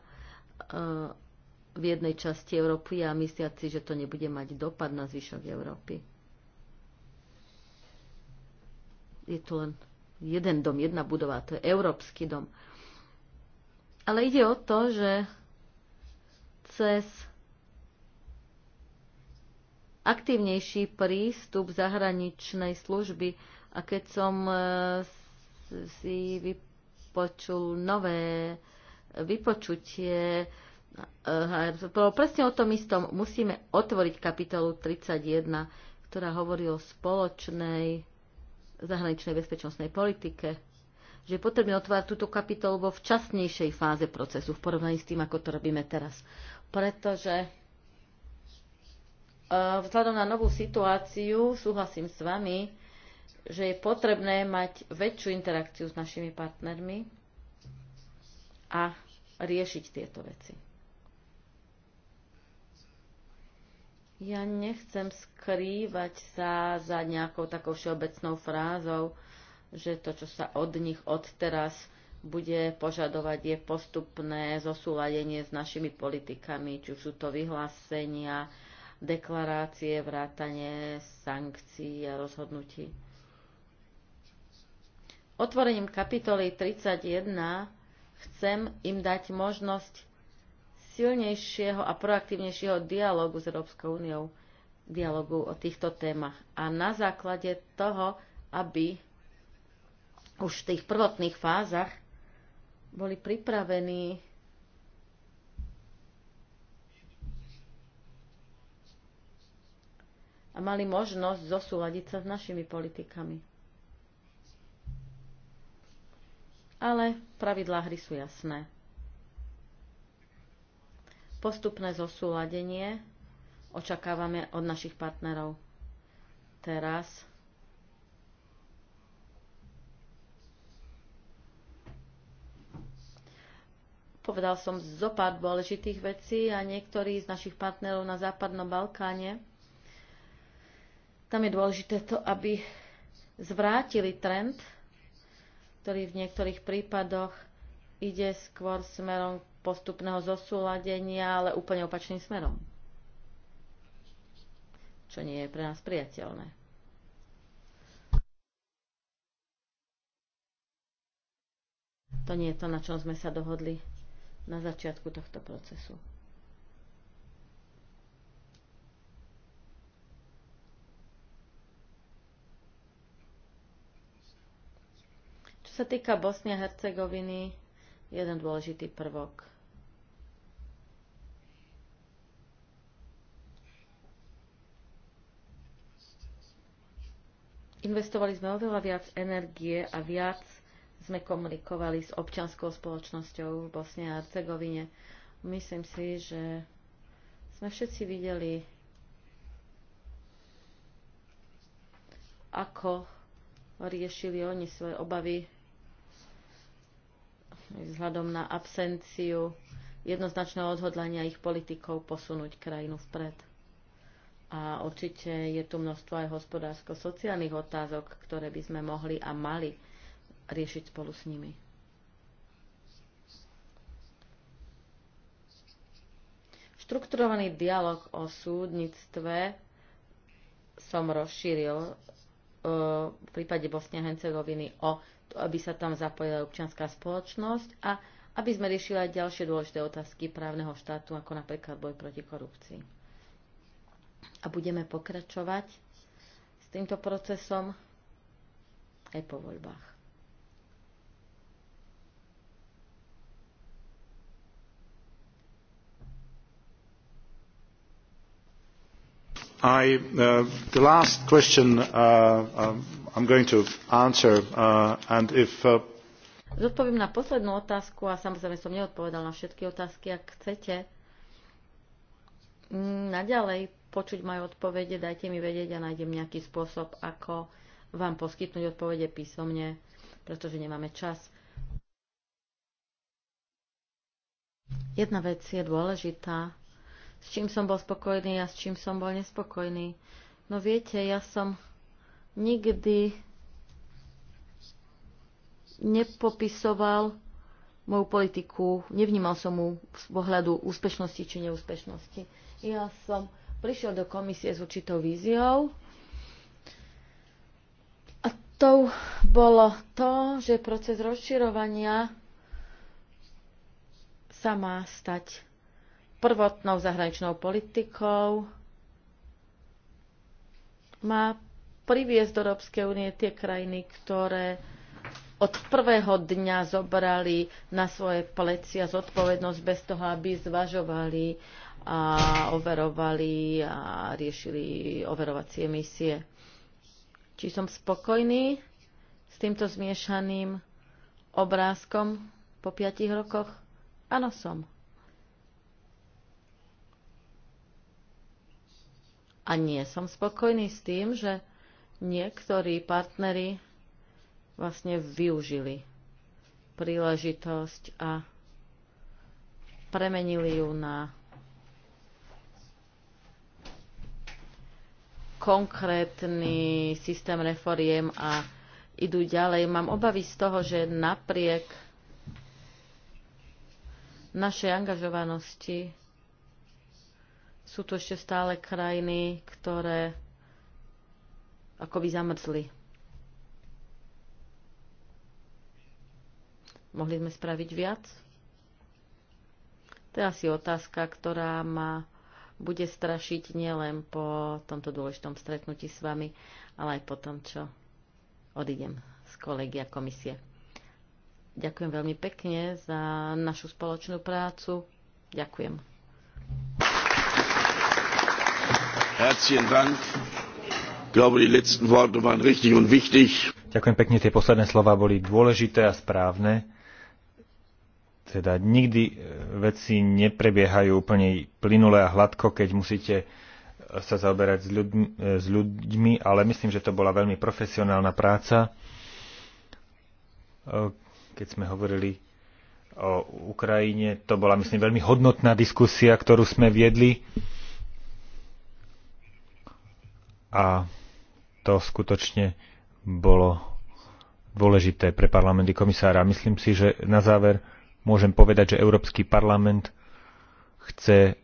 v jednej časti Európy a mysliať si, že to nebude mať dopad na zvyšok Európy. Je tu len jeden dom, jedna budova, to je Európsky dom. Ale ide o to, že cez aktívnejší prístup zahraničnej služby. A keď som e, si vypočul nové vypočutie, e, bolo presne o tom istom. Musíme otvoriť kapitolu 31, ktorá hovorí o spoločnej zahraničnej bezpečnostnej politike že je potrebné otvárať túto kapitolu vo včasnejšej fáze procesu v porovnaní s tým, ako to robíme teraz. Pretože Eh, vzhľadom na novú situáciu súhlasím s vami, že je potrebné mať väčšiu interakciu s našimi partnermi a riešiť tieto veci. Ja nechcem skrývať sa za nejakou takou všeobecnou frázou, že to, čo sa od nich odteraz bude požadovať, je postupné zosúladenie s našimi politikami, či už sú to vyhlásenia, deklarácie, vrátanie sankcií a rozhodnutí. Otvorením kapitoly 31 chcem im dať možnosť silnejšieho a proaktívnejšieho dialogu s Európskou úniou, dialogu o týchto témach. A na základe toho, aby už v tých prvotných fázach boli pripravení a mali možnosť zosúľadiť sa s našimi politikami. Ale pravidlá hry sú jasné. Postupné zosúladenie očakávame od našich partnerov. Teraz Povedal som zo pár dôležitých vecí a niektorí z našich partnerov na Západnom Balkáne tam je dôležité to, aby zvrátili trend, ktorý v niektorých prípadoch ide skôr smerom postupného zosúladenia, ale úplne opačným smerom. Čo nie je pre nás priateľné. To nie je to, na čom sme sa dohodli na začiatku tohto procesu. Čo sa týka Bosne a Hercegoviny, jeden dôležitý prvok. Investovali sme oveľa viac energie a viac sme komunikovali s občanskou spoločnosťou v Bosne a Hercegovine. Myslím si, že sme všetci videli, ako riešili oni svoje obavy vzhľadom na absenciu jednoznačného odhodlania ich politikov posunúť krajinu vpred. A určite je tu množstvo aj hospodársko-sociálnych otázok, ktoré by sme mohli a mali riešiť spolu s nimi. Štrukturovaný dialog o súdnictve som rozšíril e, v prípade Bosne a Hercegoviny o aby sa tam zapojila občianská spoločnosť a aby sme riešili aj ďalšie dôležité otázky právneho štátu, ako napríklad boj proti korupcii. A budeme pokračovať s týmto procesom aj po voľbách. I, uh, the last question uh, um, Uh, uh, Zodpoviem na poslednú otázku a samozrejme som neodpovedal na všetky otázky, ak chcete. Naďalej počuť moje odpovede, dajte mi vedieť a nájdem nejaký spôsob, ako vám poskytnúť odpovede písomne, pretože nemáme čas. Jedna vec je dôležitá, s čím som bol spokojný a s čím som bol nespokojný. No viete, ja som nikdy nepopisoval moju politiku, nevnímal som mu z pohľadu úspešnosti či neúspešnosti. Ja som prišiel do komisie s určitou víziou a tou bolo to, že proces rozširovania sa má stať prvotnou zahraničnou politikou, má priviesť do Európskej únie tie krajiny, ktoré od prvého dňa zobrali na svoje plecia zodpovednosť bez toho, aby zvažovali a overovali a riešili overovacie misie. Či som spokojný s týmto zmiešaným obrázkom po piatich rokoch? Áno, som. A nie som spokojný s tým, že niektorí partnery vlastne využili príležitosť a premenili ju na konkrétny systém reforiem a idú ďalej. Mám obavy z toho, že napriek našej angažovanosti sú tu ešte stále krajiny, ktoré ako by zamrzli. Mohli sme spraviť viac? To je asi otázka, ktorá ma bude strašiť nielen po tomto dôležitom stretnutí s vami, ale aj po tom, čo odídem z kolegia komisie. Ďakujem veľmi pekne za našu spoločnú prácu. Ďakujem. Herzlichen Dank. Ďakujem pekne, tie posledné slova boli dôležité a správne. Teda nikdy e, veci neprebiehajú úplne plynule a hladko, keď musíte e, sa zaoberať s ľuďmi, e, s ľuďmi, ale myslím, že to bola veľmi profesionálna práca. Keď sme hovorili o Ukrajine, to bola, myslím, veľmi hodnotná diskusia, ktorú sme viedli a to skutočne bolo dôležité pre parlamenty komisára. Myslím si, že na záver môžem povedať, že Európsky parlament chce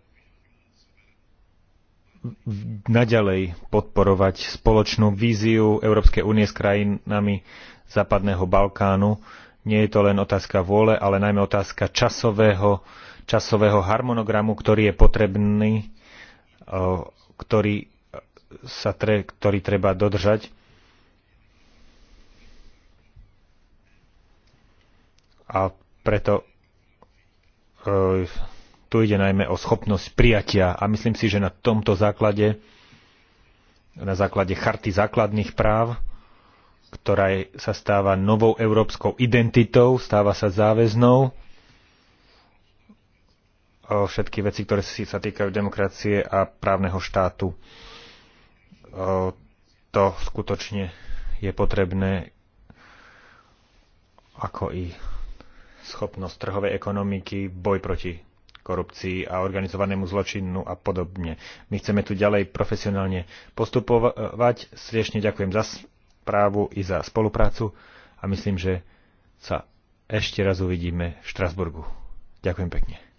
naďalej podporovať spoločnú víziu Európskej únie s krajinami Západného Balkánu. Nie je to len otázka vôle, ale najmä otázka časového, časového harmonogramu, ktorý je potrebný, eh, ktorý sa tre, ktorý treba dodržať. A preto e, tu ide najmä o schopnosť prijatia. A myslím si, že na tomto základe, na základe charty základných práv, ktorá sa stáva novou európskou identitou, stáva sa záväznou, všetky veci, ktoré si sa týkajú demokracie a právneho štátu to skutočne je potrebné ako i schopnosť trhovej ekonomiky, boj proti korupcii a organizovanému zločinu a podobne. My chceme tu ďalej profesionálne postupovať. Sriešne ďakujem za správu i za spoluprácu a myslím, že sa ešte raz uvidíme v Štrasburgu. Ďakujem pekne.